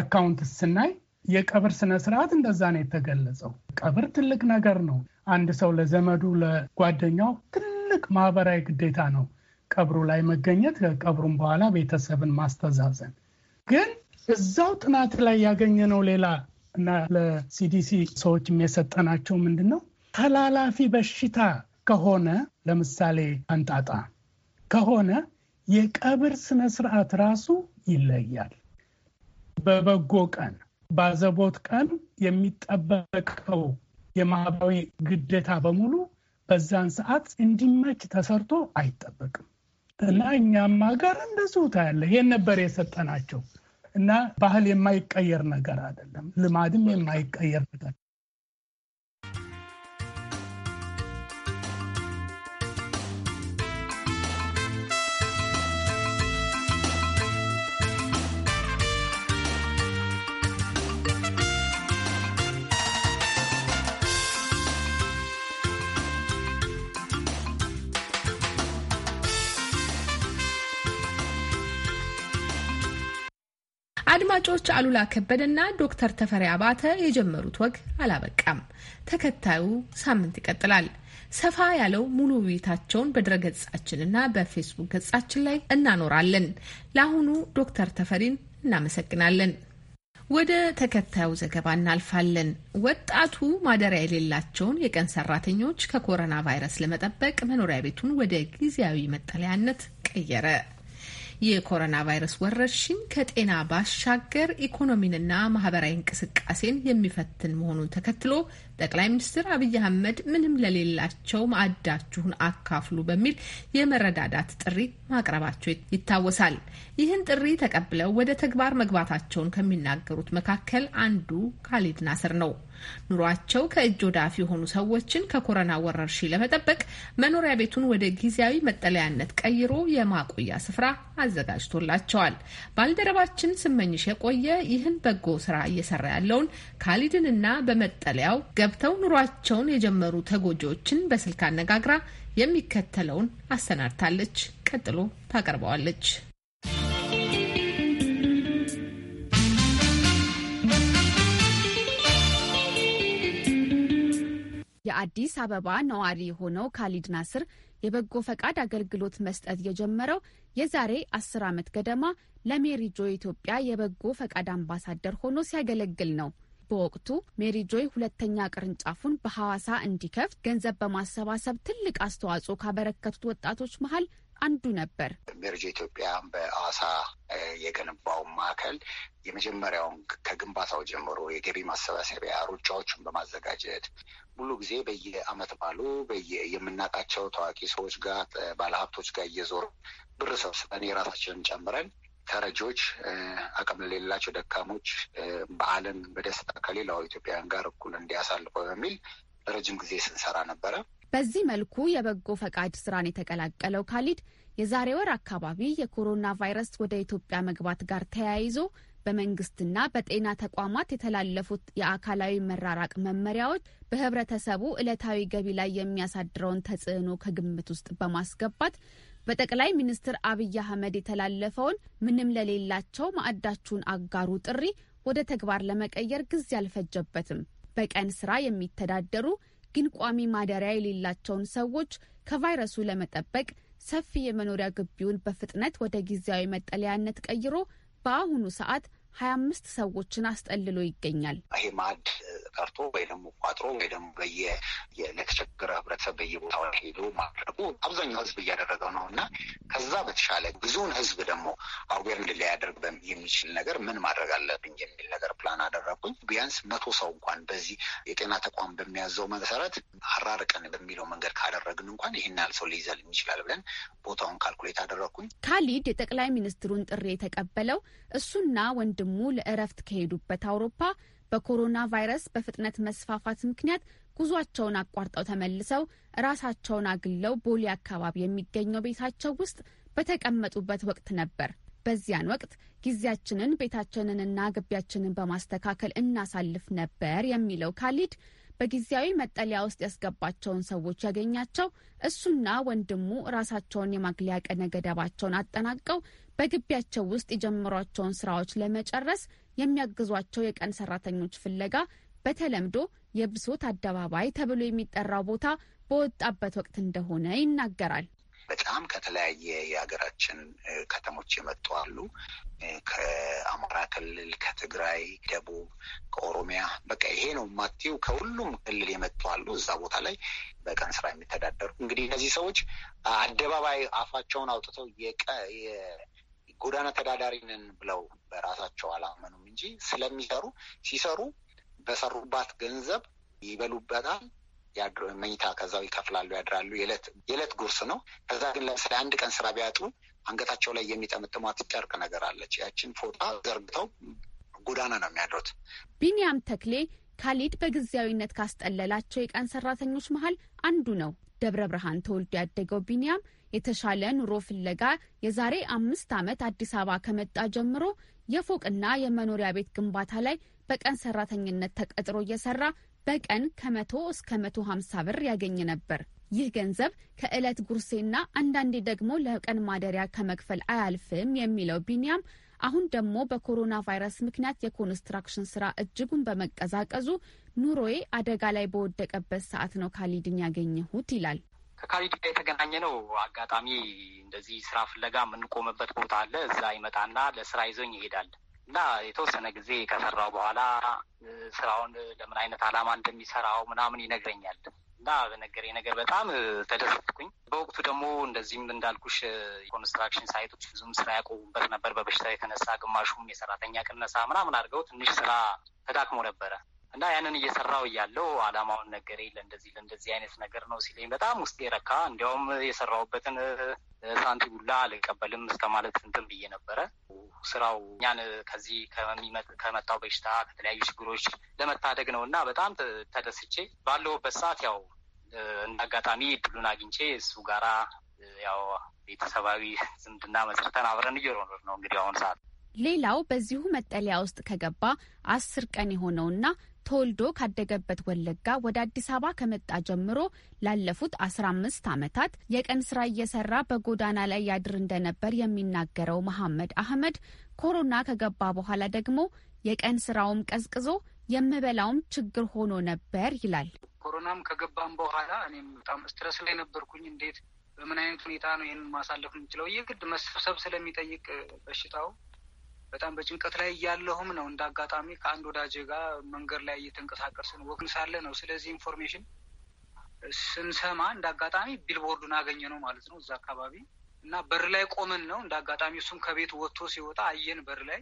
አካውንት ስናይ የቀብር ስነስርዓት እንደዛ ነው የተገለጸው። ቀብር ትልቅ ነገር ነው። አንድ ሰው ለዘመዱ ለጓደኛው ትልቅ ማህበራዊ ግዴታ ነው ቀብሩ ላይ መገኘት ከቀብሩም በኋላ ቤተሰብን ማስተዛዘን ግን እዛው ጥናት ላይ ያገኘነው ሌላ እና ለሲዲሲ ሰዎችም የሰጠናቸው ምንድን ነው ተላላፊ በሽታ ከሆነ ለምሳሌ አንጣጣ ከሆነ የቀብር ስነ ስርዓት ራሱ ይለያል። በበጎ ቀን ባዘቦት ቀን የሚጠበቀው የማህበራዊ ግዴታ በሙሉ በዛን ሰዓት እንዲመች ተሰርቶ አይጠበቅም። እና እኛም ሀገር እንደዚሁ ታያለ። ይሄን ነበር የሰጠናቸው እና ባህል የማይቀየር ነገር አይደለም፣ ልማድም የማይቀየር ነገር ምንጮች አሉላ ከበደና ዶክተር ተፈሪ አባተ የጀመሩት ወግ አላበቃም። ተከታዩ ሳምንት ይቀጥላል። ሰፋ ያለው ሙሉ ውይይታቸውን በድረገጻችንና በፌስቡክ ገጻችን ላይ እናኖራለን። ለአሁኑ ዶክተር ተፈሪን እናመሰግናለን። ወደ ተከታዩ ዘገባ እናልፋለን። ወጣቱ ማደሪያ የሌላቸውን የቀን ሰራተኞች ከኮሮና ቫይረስ ለመጠበቅ መኖሪያ ቤቱን ወደ ጊዜያዊ መጠለያነት ቀየረ። የኮሮና ቫይረስ ወረርሽኝ ከጤና ባሻገር ኢኮኖሚንና ማህበራዊ እንቅስቃሴን የሚፈትን መሆኑን ተከትሎ ጠቅላይ ሚኒስትር አብይ አህመድ ምንም ለሌላቸው ማዕዳችሁን አካፍሉ በሚል የመረዳዳት ጥሪ ማቅረባቸው ይታወሳል። ይህን ጥሪ ተቀብለው ወደ ተግባር መግባታቸውን ከሚናገሩት መካከል አንዱ ካሊድ ናስር ነው። ኑሯቸው ከእጅ ወዳፍ የሆኑ ሰዎችን ከኮረና ወረርሽኝ ለመጠበቅ መኖሪያ ቤቱን ወደ ጊዜያዊ መጠለያነት ቀይሮ የማቆያ ስፍራ አዘጋጅቶላቸዋል። ባልደረባችን ስመኝሽ የቆየ ይህን በጎ ስራ እየሰራ ያለውን ካሊድንና በመጠለያው ገብተው ኑሯቸውን የጀመሩ ተጎጂዎችን በስልክ አነጋግራ የሚከተለውን አሰናድታለች። ቀጥሎ ታቀርበዋለች። የአዲስ አበባ ነዋሪ የሆነው ካሊድ ናስር የበጎ ፈቃድ አገልግሎት መስጠት የጀመረው የዛሬ አስር ዓመት ገደማ ለሜሪጆ ኢትዮጵያ የበጎ ፈቃድ አምባሳደር ሆኖ ሲያገለግል ነው። በወቅቱ ሜሪጆይ ሁለተኛ ቅርንጫፉን በሐዋሳ እንዲከፍት ገንዘብ በማሰባሰብ ትልቅ አስተዋጽኦ ካበረከቱት ወጣቶች መሀል አንዱ ነበር። ሜርጅ ኢትዮጵያ በአሳ የገነባው ማዕከል የመጀመሪያውን ከግንባታው ጀምሮ የገቢ ማሰባሰቢያ ሩጫዎችን በማዘጋጀት ሁሉ ጊዜ በየአመት ባሉ የምናውቃቸው ታዋቂ ሰዎች ጋር ባለሀብቶች ጋር እየዞር ብር ሰብስበን የራሳችንን ጨምረን ተረጆች፣ አቅም ለሌላቸው ደካሞች በዓልን በደስታ ከሌላው ኢትዮጵያውያን ጋር እኩል እንዲያሳልፈው በሚል ረጅም ጊዜ ስንሰራ ነበረ። በዚህ መልኩ የበጎ ፈቃድ ስራን የተቀላቀለው ካሊድ የዛሬ ወር አካባቢ የኮሮና ቫይረስ ወደ ኢትዮጵያ መግባት ጋር ተያይዞ በመንግስትና በጤና ተቋማት የተላለፉት የአካላዊ መራራቅ መመሪያዎች በህብረተሰቡ ዕለታዊ ገቢ ላይ የሚያሳድረውን ተጽዕኖ ከግምት ውስጥ በማስገባት በጠቅላይ ሚኒስትር አብይ አህመድ የተላለፈውን ምንም ለሌላቸው ማዕዳችሁን አጋሩ ጥሪ ወደ ተግባር ለመቀየር ጊዜ አልፈጀበትም። በቀን ስራ የሚተዳደሩ ግን ቋሚ ማደሪያ የሌላቸውን ሰዎች ከቫይረሱ ለመጠበቅ ሰፊ የመኖሪያ ግቢውን በፍጥነት ወደ ጊዜያዊ መጠለያነት ቀይሮ በአሁኑ ሰዓት ሀያ አምስት ሰዎችን አስጠልሎ ይገኛል። ይሄ ማድ ቀርቶ ወይ ደግሞ ቋጥሮ ወይ ደግሞ በየ ለተቸገረ ህብረተሰብ በየቦታው ሄዶ ማድረጉ አብዛኛው ህዝብ እያደረገው ነው እና ከዛ በተሻለ ብዙውን ህዝብ ደግሞ አዌር እንድላያደርግ የሚችል ነገር ምን ማድረግ አለብኝ የሚል ነገር ፕላን አደረግኩኝ። ቢያንስ መቶ ሰው እንኳን በዚህ የጤና ተቋም በሚያዘው መሰረት አራርቀን በሚለው መንገድ ካደረግን እንኳን ይህን ያህል ሰው ሊይዘል ይችላል ብለን ቦታውን ካልኩሌት አደረግኩኝ። ካሊድ የጠቅላይ ሚኒስትሩን ጥሪ የተቀበለው እሱና ወንድ ወንድሙ ለእረፍት ከሄዱበት አውሮፓ በኮሮና ቫይረስ በፍጥነት መስፋፋት ምክንያት ጉዟቸውን አቋርጠው ተመልሰው ራሳቸውን አግለው ቦሌ አካባቢ የሚገኘው ቤታቸው ውስጥ በተቀመጡበት ወቅት ነበር። በዚያን ወቅት ጊዜያችንን ቤታችንንና ግቢያችንን በማስተካከል እናሳልፍ ነበር የሚለው ካሊድ በጊዜያዊ መጠለያ ውስጥ ያስገባቸውን ሰዎች ያገኛቸው እሱና ወንድሙ ራሳቸውን የማግለያ ቀነ ገደባቸውን አጠናቀው በግቢያቸው ውስጥ የጀመሯቸውን ስራዎች ለመጨረስ የሚያግዟቸው የቀን ሰራተኞች ፍለጋ በተለምዶ የብሶት አደባባይ ተብሎ የሚጠራው ቦታ በወጣበት ወቅት እንደሆነ ይናገራል። በጣም ከተለያየ የሀገራችን ከተሞች የመጡ አሉ። ከአማራ ክልል፣ ከትግራይ፣ ደቡብ፣ ከኦሮሚያ በቃ ይሄ ነው ማቲው ከሁሉም ክልል የመጡ አሉ። እዛ ቦታ ላይ በቀን ስራ የሚተዳደሩ እንግዲህ እነዚህ ሰዎች አደባባይ አፋቸውን አውጥተው የጎዳና ተዳዳሪንን ብለው በራሳቸው አላመኑም እንጂ ስለሚሰሩ ሲሰሩ በሰሩባት ገንዘብ ይበሉበታል፣ መኝታ ከዛው ይከፍላሉ፣ ያድራሉ። የዕለት ጉርስ ነው። ከዛ ግን ለምሳሌ አንድ ቀን ስራ ቢያጡ አንገታቸው ላይ የሚጠምጥሟት ጨርቅ ነገር አለች። ያችን ፎጣ ዘርግተው ጎዳና ነው የሚያድሩት። ቢንያም ተክሌ ካሊድ በጊዜያዊነት ካስጠለላቸው የቀን ሰራተኞች መሀል አንዱ ነው። ደብረ ብርሃን ተወልዶ ያደገው ቢንያም የተሻለ ኑሮ ፍለጋ የዛሬ አምስት ዓመት አዲስ አበባ ከመጣ ጀምሮ የፎቅና የመኖሪያ ቤት ግንባታ ላይ በቀን ሰራተኝነት ተቀጥሮ እየሰራ በቀን ከመቶ እስከ መቶ ሀምሳ ብር ያገኝ ነበር። ይህ ገንዘብ ከዕለት ጉርሴና አንዳንዴ ደግሞ ለቀን ማደሪያ ከመክፈል አያልፍም የሚለው ቢኒያም አሁን ደግሞ በኮሮና ቫይረስ ምክንያት የኮንስትራክሽን ስራ እጅጉን በመቀዛቀዙ ኑሮዬ አደጋ ላይ በወደቀበት ሰዓት ነው ካሊድን ያገኘሁት ይላል። ከካሊድ ጋር የተገናኘ ነው። አጋጣሚ እንደዚህ ስራ ፍለጋ የምንቆምበት ቦታ አለ። እዛ ይመጣና ለስራ ይዞኝ ይሄዳል። እና የተወሰነ ጊዜ ከሰራው በኋላ ስራውን ለምን አይነት ዓላማ እንደሚሰራው ምናምን ይነግረኛል እና በነገረኝ ነገር በጣም ተደሰትኩኝ። በወቅቱ ደግሞ እንደዚህም እንዳልኩሽ ኮንስትራክሽን ሳይቶች ብዙም ስራ ያቆሙበት ነበር በበሽታ የተነሳ ግማሹም የሰራተኛ ቅነሳ ምናምን አድርገው ትንሽ ስራ ተዳክሞ ነበረ። እና ያንን እየሰራው እያለው አላማውን ነገር ለእንደዚህ ለእንደዚህ አይነት ነገር ነው ሲለኝ በጣም ውስጤ ረካ። እንዲያውም የሰራውበትን ሳንቲም አልቀበልም እስከ ማለት እንትን ብዬ ነበረ። ስራው እኛን ከዚህ ከመጣው በሽታ ከተለያዩ ችግሮች ለመታደግ ነው እና በጣም ተደስቼ ባለሁበት ሰዓት ያው እንደ አጋጣሚ እድሉን አግኝቼ እሱ ጋራ ያው ቤተሰባዊ ዝምድና መስርተን አብረን እየኖርን ነው እንግዲህ አሁን ሰዓት ሌላው በዚሁ መጠለያ ውስጥ ከገባ አስር ቀን የሆነውና ተወልዶ ካደገበት ወለጋ ወደ አዲስ አበባ ከመጣ ጀምሮ ላለፉት አስራ አምስት ዓመታት የቀን ስራ እየሰራ በጎዳና ላይ ያድር እንደነበር የሚናገረው መሐመድ አህመድ ኮሮና ከገባ በኋላ ደግሞ የቀን ስራውም ቀዝቅዞ የምበላውም ችግር ሆኖ ነበር ይላል። ኮሮናም ከገባም በኋላ እኔም በጣም ስትረስ ላይ ነበርኩኝ። እንዴት በምን አይነት ሁኔታ ነው ይህን ማሳለፍ የምችለው? የግድ መሰብሰብ ስለሚጠይቅ በሽታው በጣም በጭንቀት ላይ እያለሁም ነው እንደ አጋጣሚ ከአንድ ወዳጅ ጋር መንገድ ላይ እየተንቀሳቀስን ወቅን ሳለ ነው። ስለዚህ ኢንፎርሜሽን ስንሰማ እንደ አጋጣሚ ቢልቦርዱን አገኘ ነው ማለት ነው እዛ አካባቢ እና በር ላይ ቆመን ነው እንደ አጋጣሚ እሱም ከቤት ወጥቶ ሲወጣ አየን በር ላይ።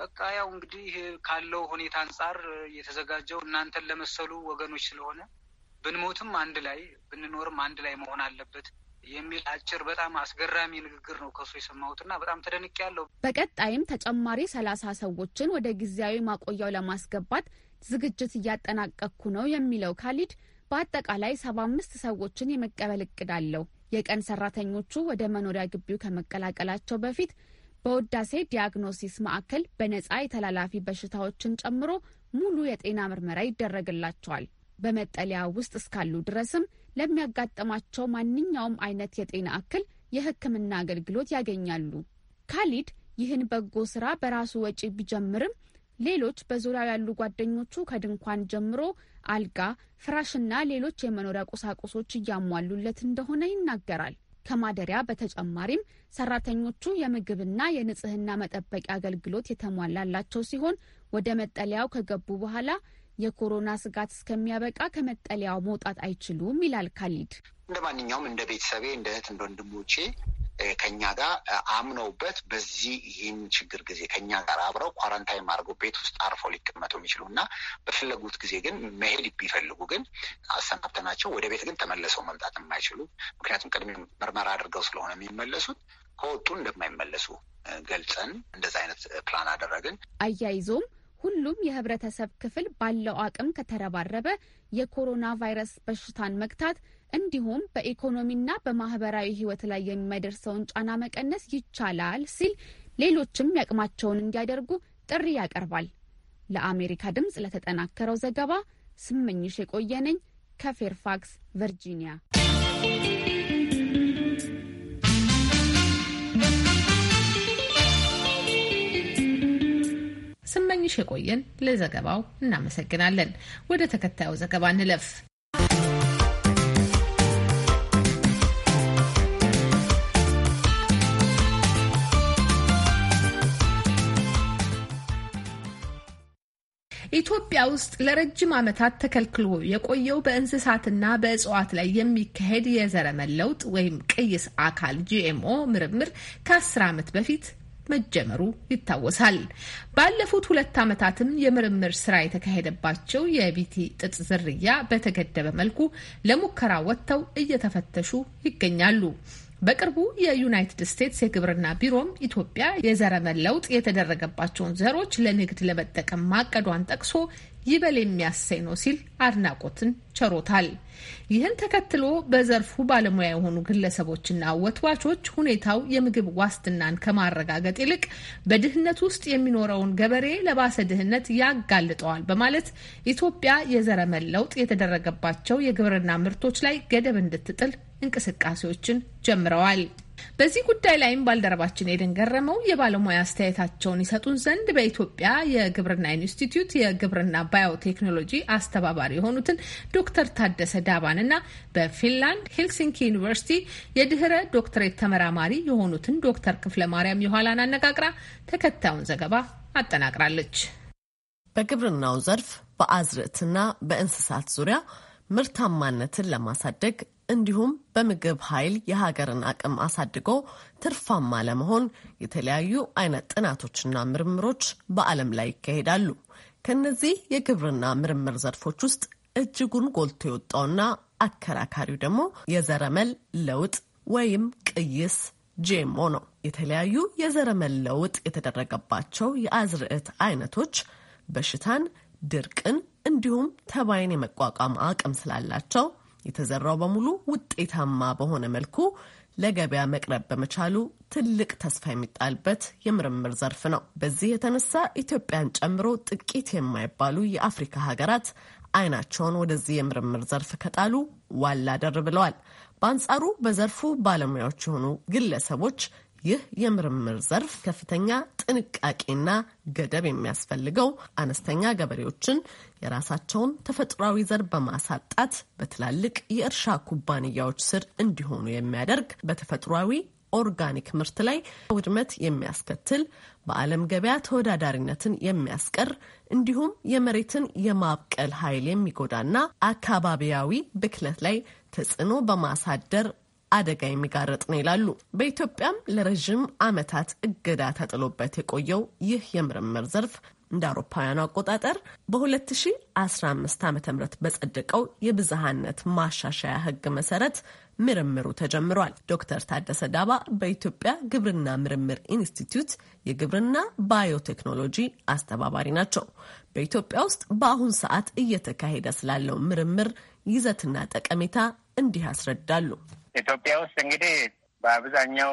በቃ ያው እንግዲህ ካለው ሁኔታ አንጻር የተዘጋጀው እናንተን ለመሰሉ ወገኖች ስለሆነ ብንሞትም አንድ ላይ ብንኖርም አንድ ላይ መሆን አለበት የሚል አጭር በጣም አስገራሚ ንግግር ነው ከሱ የሰማሁትና በጣም ተደንቅ ያለው። በቀጣይም ተጨማሪ ሰላሳ ሰዎችን ወደ ጊዜያዊ ማቆያው ለማስገባት ዝግጅት እያጠናቀቅኩ ነው የሚለው ካሊድ በአጠቃላይ ሰባ አምስት ሰዎችን የመቀበል እቅድ አለው። የቀን ሰራተኞቹ ወደ መኖሪያ ግቢው ከመቀላቀላቸው በፊት በወዳሴ ዲያግኖሲስ ማዕከል በነጻ የተላላፊ በሽታዎችን ጨምሮ ሙሉ የጤና ምርመራ ይደረግላቸዋል። በመጠለያ ውስጥ እስካሉ ድረስም ለሚያጋጥማቸው ማንኛውም አይነት የጤና እክል የሕክምና አገልግሎት ያገኛሉ። ካሊድ ይህን በጎ ስራ በራሱ ወጪ ቢጀምርም ሌሎች በዙሪያው ያሉ ጓደኞቹ ከድንኳን ጀምሮ አልጋ፣ ፍራሽና ሌሎች የመኖሪያ ቁሳቁሶች እያሟሉለት እንደሆነ ይናገራል። ከማደሪያ በተጨማሪም ሰራተኞቹ የምግብና የንጽህና መጠበቂያ አገልግሎት የተሟላላቸው ሲሆን ወደ መጠለያው ከገቡ በኋላ የኮሮና ስጋት እስከሚያበቃ ከመጠለያው መውጣት አይችሉም ይላል ካሊድ። እንደ ማንኛውም እንደ ቤተሰቤ እንደ እህት እንደ ወንድሞቼ ከኛ ጋር አምነውበት በዚህ ይህን ችግር ጊዜ ከኛ ጋር አብረው ኳረንታይን አድርገው ቤት ውስጥ አርፈው ሊቀመጡ የሚችሉ እና በፈለጉት ጊዜ ግን መሄድ ቢፈልጉ ግን አሰናብተናቸው ወደ ቤት ግን ተመለሰው መምጣት የማይችሉ ምክንያቱም ቅድሚ ምርመራ አድርገው ስለሆነ የሚመለሱት ከወጡ እንደማይመለሱ ገልጸን እንደዚ አይነት ፕላን አደረግን። አያይዞም ሁሉም የህብረተሰብ ክፍል ባለው አቅም ከተረባረበ የኮሮና ቫይረስ በሽታን መግታት እንዲሁም በኢኮኖሚና በማህበራዊ ህይወት ላይ የሚያደርሰውን ጫና መቀነስ ይቻላል ሲል ሌሎችም ያቅማቸውን እንዲያደርጉ ጥሪ ያቀርባል። ለአሜሪካ ድምፅ ለተጠናከረው ዘገባ ስመኝሽ የቆየነኝ ከፌርፋክስ ቨርጂኒያ ስመኝሽ የቆየን ለዘገባው እናመሰግናለን። ወደ ተከታዩ ዘገባ እንለፍ። ኢትዮጵያ ውስጥ ለረጅም ዓመታት ተከልክሎ የቆየው በእንስሳትና በእጽዋት ላይ የሚካሄድ የዘረመል ለውጥ ወይም ቅይስ አካል ጂኤምኦ ምርምር ከአስር ዓመት በፊት መጀመሩ ይታወሳል። ባለፉት ሁለት ዓመታትም የምርምር ስራ የተካሄደባቸው የቢቲ ጥጥ ዝርያ በተገደበ መልኩ ለሙከራ ወጥተው እየተፈተሹ ይገኛሉ። በቅርቡ የዩናይትድ ስቴትስ የግብርና ቢሮም ኢትዮጵያ የዘረመን ለውጥ የተደረገባቸውን ዘሮች ለንግድ ለመጠቀም ማቀዷን ጠቅሶ ይበል የሚያሰኝ ነው ሲል አድናቆትን ቸሮታል። ይህን ተከትሎ በዘርፉ ባለሙያ የሆኑ ግለሰቦችና ወትዋቾች ሁኔታው የምግብ ዋስትናን ከማረጋገጥ ይልቅ በድህነት ውስጥ የሚኖረውን ገበሬ ለባሰ ድህነት ያጋልጠዋል በማለት ኢትዮጵያ የዘረመል ለውጥ የተደረገባቸው የግብርና ምርቶች ላይ ገደብ እንድትጥል እንቅስቃሴዎችን ጀምረዋል። በዚህ ጉዳይ ላይም ባልደረባችን ኤደን ገረመው የባለሙያ አስተያየታቸውን ይሰጡን ዘንድ በኢትዮጵያ የግብርና ኢንስቲትዩት የግብርና ባዮቴክኖሎጂ አስተባባሪ የሆኑትን ዶክተር ታደሰ ዳባን እና በፊንላንድ ሄልሲንኪ ዩኒቨርሲቲ የድህረ ዶክትሬት ተመራማሪ የሆኑትን ዶክተር ክፍለ ማርያም የኋላን አነጋግራ ተከታዩን ዘገባ አጠናቅራለች። በግብርናው ዘርፍ በአዝርዕትና በእንስሳት ዙሪያ ምርታማነትን ለማሳደግ እንዲሁም በምግብ ኃይል የሀገርን አቅም አሳድጎ ትርፋማ ለመሆን የተለያዩ አይነት ጥናቶችና ምርምሮች በዓለም ላይ ይካሄዳሉ። ከነዚህ የግብርና ምርምር ዘርፎች ውስጥ እጅጉን ጎልቶ የወጣውና አከራካሪው ደግሞ የዘረመል ለውጥ ወይም ቅይስ ጄሞ ነው። የተለያዩ የዘረመል ለውጥ የተደረገባቸው የአዝርዕት አይነቶች በሽታን፣ ድርቅን እንዲሁም ተባይን የመቋቋም አቅም ስላላቸው የተዘራው በሙሉ ውጤታማ በሆነ መልኩ ለገበያ መቅረብ በመቻሉ ትልቅ ተስፋ የሚጣልበት የምርምር ዘርፍ ነው። በዚህ የተነሳ ኢትዮጵያን ጨምሮ ጥቂት የማይባሉ የአፍሪካ ሀገራት አይናቸውን ወደዚህ የምርምር ዘርፍ ከጣሉ ዋላ ደር ብለዋል። በአንጻሩ በዘርፉ ባለሙያዎች የሆኑ ግለሰቦች ይህ የምርምር ዘርፍ ከፍተኛ ጥንቃቄና ገደብ የሚያስፈልገው አነስተኛ ገበሬዎችን የራሳቸውን ተፈጥሯዊ ዘር በማሳጣት በትላልቅ የእርሻ ኩባንያዎች ስር እንዲሆኑ የሚያደርግ በተፈጥሯዊ ኦርጋኒክ ምርት ላይ ውድመት የሚያስከትል በዓለም ገበያ ተወዳዳሪነትን የሚያስቀር እንዲሁም የመሬትን የማብቀል ኃይል የሚጎዳና አካባቢያዊ ብክለት ላይ ተጽዕኖ በማሳደር አደጋ የሚጋረጥ ነው ይላሉ። በኢትዮጵያም ለረዥም ዓመታት እገዳ ተጥሎበት የቆየው ይህ የምርምር ዘርፍ እንደ አውሮፓውያኑ አቆጣጠር በ2015 ዓ ም በጸደቀው የብዝሃነት ማሻሻያ ህግ መሰረት ምርምሩ ተጀምሯል። ዶክተር ታደሰ ዳባ በኢትዮጵያ ግብርና ምርምር ኢንስቲትዩት የግብርና ባዮቴክኖሎጂ አስተባባሪ ናቸው። በኢትዮጵያ ውስጥ በአሁን ሰዓት እየተካሄደ ስላለው ምርምር ይዘትና ጠቀሜታ እንዲህ ያስረዳሉ። ኢትዮጵያ ውስጥ እንግዲህ በአብዛኛው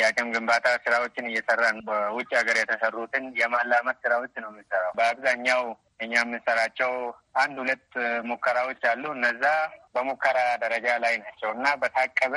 የአቅም ግንባታ ስራዎችን እየሰራን በውጭ ሀገር የተሰሩትን የማላመት ስራዎች ነው የምንሰራው። በአብዛኛው እኛ የምንሰራቸው አንድ ሁለት ሙከራዎች አሉ። እነዛ በሙከራ ደረጃ ላይ ናቸው እና በታቀበ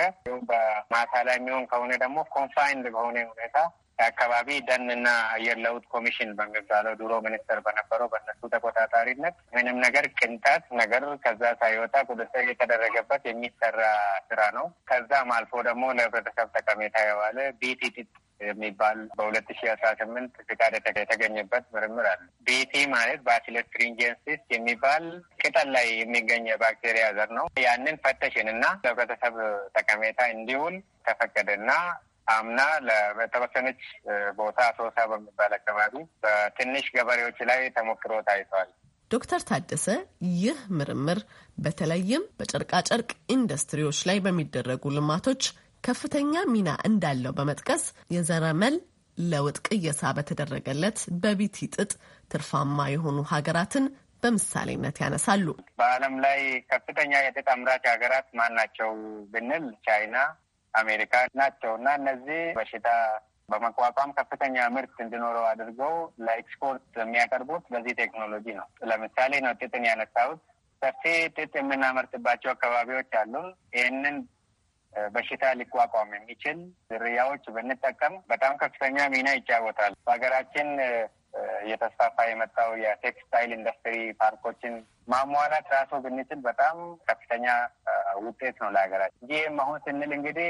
በማሳ ላይ የሚሆን ከሆነ ደግሞ ኮንፋይንድ በሆነ ሁኔታ የአካባቢ ደንና አየር ለውጥ ኮሚሽን በሚባለው ድሮ ሚኒስተር በነበረው በነሱ ተቆጣጣሪነት ምንም ነገር ቅንጣት ነገር ከዛ ሳይወጣ ቁጥጥር የተደረገበት የሚሰራ ስራ ነው። ከዛም አልፎ ደግሞ ለህብረተሰብ ጠቀሜታ የዋለ ቢቲቲት የሚባል በሁለት ሺ አስራ ስምንት ፍቃድ የተገኘበት ምርምር አለ። ቢቲ ማለት ባሲለስ ትሪንጀንሲስ የሚባል ቅጠል ላይ የሚገኝ የባክቴሪያ ዘር ነው። ያንን ፈተሽን እና ለህብረተሰብ ጠቀሜታ እንዲውል ተፈቀደ አምና በተወሰነች ቦታ ሶሳ በሚባል አካባቢ በትንሽ ገበሬዎች ላይ ተሞክሮ ታይተዋል። ዶክተር ታደሰ ይህ ምርምር በተለይም በጨርቃጨርቅ ኢንዱስትሪዎች ላይ በሚደረጉ ልማቶች ከፍተኛ ሚና እንዳለው በመጥቀስ የዘረመል ለውጥ ቅየሳ በተደረገለት በቢቲ ጥጥ ትርፋማ የሆኑ ሀገራትን በምሳሌነት ያነሳሉ። በዓለም ላይ ከፍተኛ የጥጥ አምራች ሀገራት ማን ናቸው ብንል ቻይና፣ አሜሪካ ናቸው እና እነዚህ በሽታ በመቋቋም ከፍተኛ ምርት እንዲኖረው አድርገው ለኤክስፖርት የሚያቀርቡት በዚህ ቴክኖሎጂ ነው። ለምሳሌ ነው ጥጥን ያነሳሁት። ሰፊ ጥጥ የምናመርትባቸው አካባቢዎች አሉ። ይህንን በሽታ ሊቋቋም የሚችል ዝርያዎች ብንጠቀም በጣም ከፍተኛ ሚና ይጫወታል። በሀገራችን እየተስፋፋ የመጣው የቴክስታይል ኢንዱስትሪ ፓርኮችን ማሟላት ራሱ ብንችል በጣም ከፍተኛ ውጤት ነው ለሀገራችን። ይህም አሁን ስንል እንግዲህ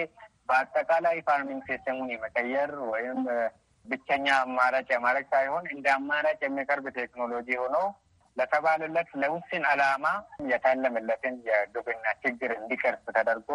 በአጠቃላይ ፋርሚንግ ሲስተሙን የመቀየር ወይም ብቸኛ አማራጭ የማድረግ ሳይሆን እንደ አማራጭ የሚቀርብ ቴክኖሎጂ ሆኖ ለተባለለት ለውስን ዓላማ የታለመለትን የግብርና ችግር እንዲቀርፍ ተደርጎ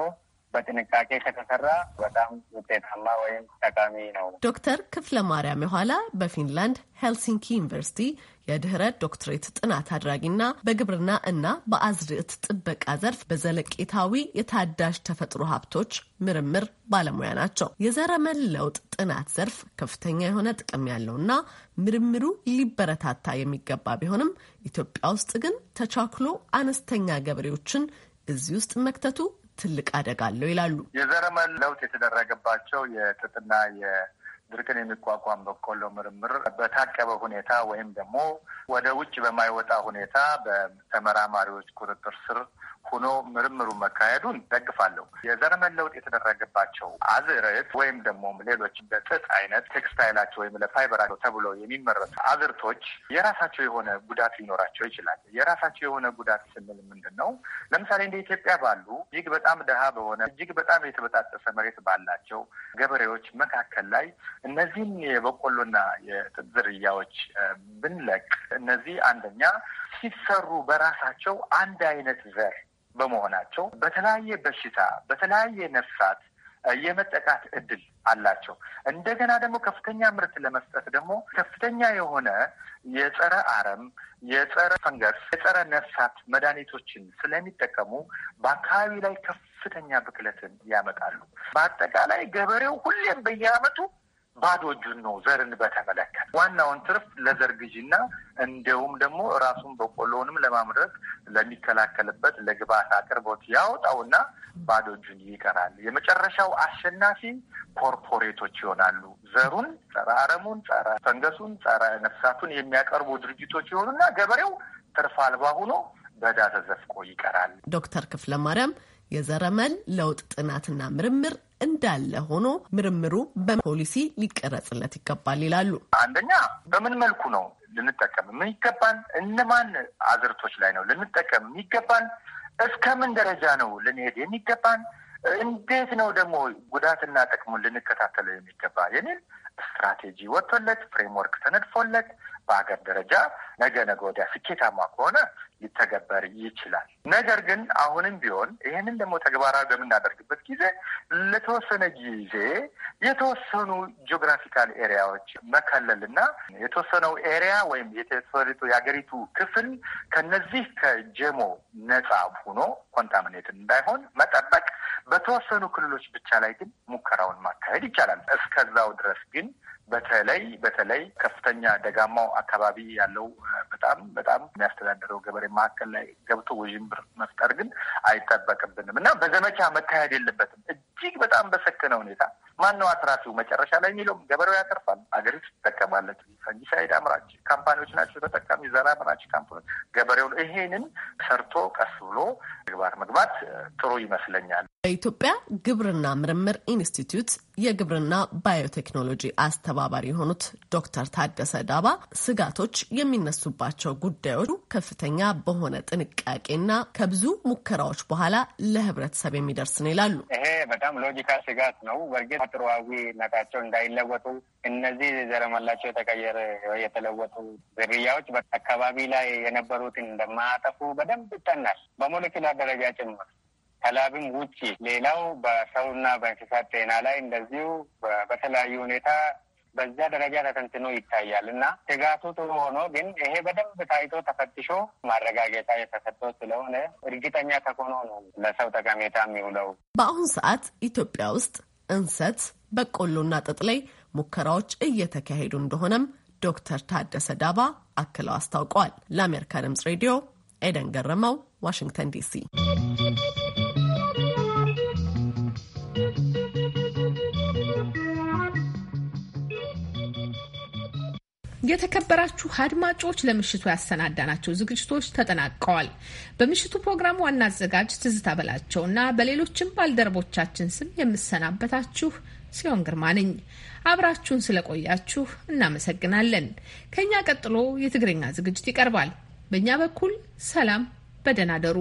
በጥንቃቄ ከተሰራ በጣም ውጤታማ ወይም ጠቃሚ ነው። ዶክተር ክፍለ ማርያም የኋላ በፊንላንድ ሄልሲንኪ ዩኒቨርሲቲ የድህረ ዶክትሬት ጥናት አድራጊና በግብርና እና በአዝርዕት ጥበቃ ዘርፍ በዘለቄታዊ የታዳሽ ተፈጥሮ ሀብቶች ምርምር ባለሙያ ናቸው። የዘረመል ለውጥ ጥናት ዘርፍ ከፍተኛ የሆነ ጥቅም ያለውና ምርምሩ ሊበረታታ የሚገባ ቢሆንም ኢትዮጵያ ውስጥ ግን ተቻክሎ አነስተኛ ገበሬዎችን እዚህ ውስጥ መክተቱ ትልቅ አደጋ አለው ይላሉ። የዘረመል ለውጥ የተደረገባቸው የጥጥና ድርቅን የሚቋቋም በቆሎ ምርምር በታቀበ ሁኔታ ወይም ደግሞ ወደ ውጭ በማይወጣ ሁኔታ በተመራማሪዎች ቁጥጥር ስር ሆኖ ምርምሩ መካሄዱን ደግፋለሁ። የዘረመን ለውጥ የተደረገባቸው አዝርት ወይም ደግሞ ሌሎች ለጥጥ አይነት ቴክስታይላቸው ወይም ለፋይበራቸው ተብሎ የሚመረቱ አዝርቶች የራሳቸው የሆነ ጉዳት ሊኖራቸው ይችላል። የራሳቸው የሆነ ጉዳት ስንል ምንድን ነው? ለምሳሌ እንደ ኢትዮጵያ ባሉ እጅግ በጣም ድሃ በሆነ እጅግ በጣም የተበጣጠሰ መሬት ባላቸው ገበሬዎች መካከል ላይ እነዚህም የበቆሎና የጥጥ ዝርያዎች ብንለቅ እነዚህ አንደኛ ሲሰሩ በራሳቸው አንድ አይነት ዘር በመሆናቸው በተለያየ በሽታ በተለያየ ነፍሳት የመጠቃት እድል አላቸው። እንደገና ደግሞ ከፍተኛ ምርት ለመስጠት ደግሞ ከፍተኛ የሆነ የጸረ አረም፣ የጸረ ፈንገስ፣ የጸረ ነፍሳት መድኃኒቶችን ስለሚጠቀሙ በአካባቢ ላይ ከፍተኛ ብክለትን ያመጣሉ። በአጠቃላይ ገበሬው ሁሌም በየአመቱ። ባዶ እጁን ነው ዘርን በተመለከተ ዋናውን ትርፍ ለዘር ግዢና እንዲሁም ደግሞ ራሱን በቆሎንም ለማምረት ለሚከላከልበት ለግብአት አቅርቦት ያወጣውና ባዶ እጁን ይቀራል። የመጨረሻው አሸናፊ ኮርፖሬቶች ይሆናሉ። ዘሩን ጸረ አረሙን፣ ጸረ ፈንገሱን፣ ጸረ ነፍሳቱን የሚያቀርቡ ድርጅቶች ይሆኑና ገበሬው ትርፍ አልባ ሆኖ በዳ ተዘፍቆ ይቀራል። ዶክተር ክፍለ ማርያም የዘረመል ለውጥ ጥናትና ምርምር እንዳለ ሆኖ ምርምሩ በፖሊሲ ሊቀረጽለት ይገባል ይላሉ። አንደኛ በምን መልኩ ነው ልንጠቀም የሚገባን? እነማን አዝርቶች ላይ ነው ልንጠቀም የሚገባን? እስከምን ደረጃ ነው ልንሄድ የሚገባን? እንዴት ነው ደግሞ ጉዳትና ጥቅሙን ልንከታተለው የሚገባ የሚል ስትራቴጂ ወጥቶለት ፍሬምወርክ ተነድፎለት በሀገር ደረጃ ነገ ነገ ወዲያ ስኬታማ ከሆነ ሊተገበር ይችላል። ነገር ግን አሁንም ቢሆን ይህንን ደግሞ ተግባራዊ በምናደርግበት ጊዜ ለተወሰነ ጊዜ የተወሰኑ ጂኦግራፊካል ኤሪያዎች መከለል እና የተወሰነው ኤሪያ ወይም የተወሰኑ የሀገሪቱ ክፍል ከነዚህ ከጀሞ ነጻ ሆኖ ኮንታሚኔት እንዳይሆን መጠበቅ፣ በተወሰኑ ክልሎች ብቻ ላይ ግን ሙከራውን ማካሄድ ይቻላል። እስከዛው ድረስ ግን በተለይ በተለይ ከፍተኛ ደጋማው አካባቢ ያለው በጣም በጣም የሚያስተዳደረው ገበሬ መካከል ላይ ገብቶ ውዥንብር መፍጠር ግን አይጠበቅብንም እና በዘመቻ መካሄድ የለበትም። እጅግ በጣም በሰከነ ሁኔታ ማነው አትራፊው መጨረሻ ላይ የሚለውም ገበሬው ያተርፋል፣ አገሪቱ ትጠቀማለች። ፈንጂሳይድ አምራች ካምፓኒዎች ናቸው ተጠቃሚ፣ ዘር አምራች ካምፓኒዎች ገበሬው። ይሄንን ሰርቶ ቀስ ብሎ ተግባር መግባት ጥሩ ይመስለኛል። በኢትዮጵያ ግብርና ምርምር ኢንስቲትዩት የግብርና ባዮቴክኖሎጂ አስተባባሪ የሆኑት ዶክተር ታደሰ ዳባ ስጋቶች የሚነሱባቸው ጉዳዮች ከፍተኛ በሆነ ጥንቃቄና ከብዙ ሙከራዎች በኋላ ለህብረተሰብ የሚደርስ ነው ይላሉ። ይሄ በጣም ሎጂካል ስጋት ነው። በእርግጥ ተፈጥሯዊ ነታቸው እንዳይለወጡ እነዚህ ዘረመላቸው የተቀየረ የተለወጡ ዝርያዎች አካባቢ ላይ የነበሩትን እንደማያጠፉ በደንብ ይጠናል በሞለኪላ ደረጃ ጭምር ከላብም ውጪ ሌላው በሰውና በእንስሳት ጤና ላይ እንደዚሁ በተለያዩ ሁኔታ በዛ ደረጃ ተተንትኖ ይታያል እና ትጋቱ ጥሩ ሆኖ ግን ይሄ በደንብ ታይቶ ተፈትሾ ማረጋገጫ የተሰጠው ስለሆነ እርግጠኛ ተኮኖ ነው ለሰው ጠቀሜታ የሚውለው። በአሁኑ ሰዓት ኢትዮጵያ ውስጥ እንሰት፣ በቆሎና ጥጥ ላይ ሙከራዎች እየተካሄዱ እንደሆነም ዶክተር ታደሰ ዳባ አክለው አስታውቀዋል። ለአሜሪካ ድምጽ ሬዲዮ ኤደን ገረመው ዋሽንግተን ዲሲ። የተከበራችሁ አድማጮች ለምሽቱ ያሰናዳናቸው ዝግጅቶች ተጠናቀዋል። በምሽቱ ፕሮግራም ዋና አዘጋጅ ትዝታ በላቸውና በሌሎችም ባልደረቦቻችን ስም የምሰናበታችሁ ሲዮን ግርማ ነኝ። አብራችሁን ስለቆያችሁ እናመሰግናለን። ከእኛ ቀጥሎ የትግርኛ ዝግጅት ይቀርባል። በእኛ በኩል ሰላም በደህና አደሩ።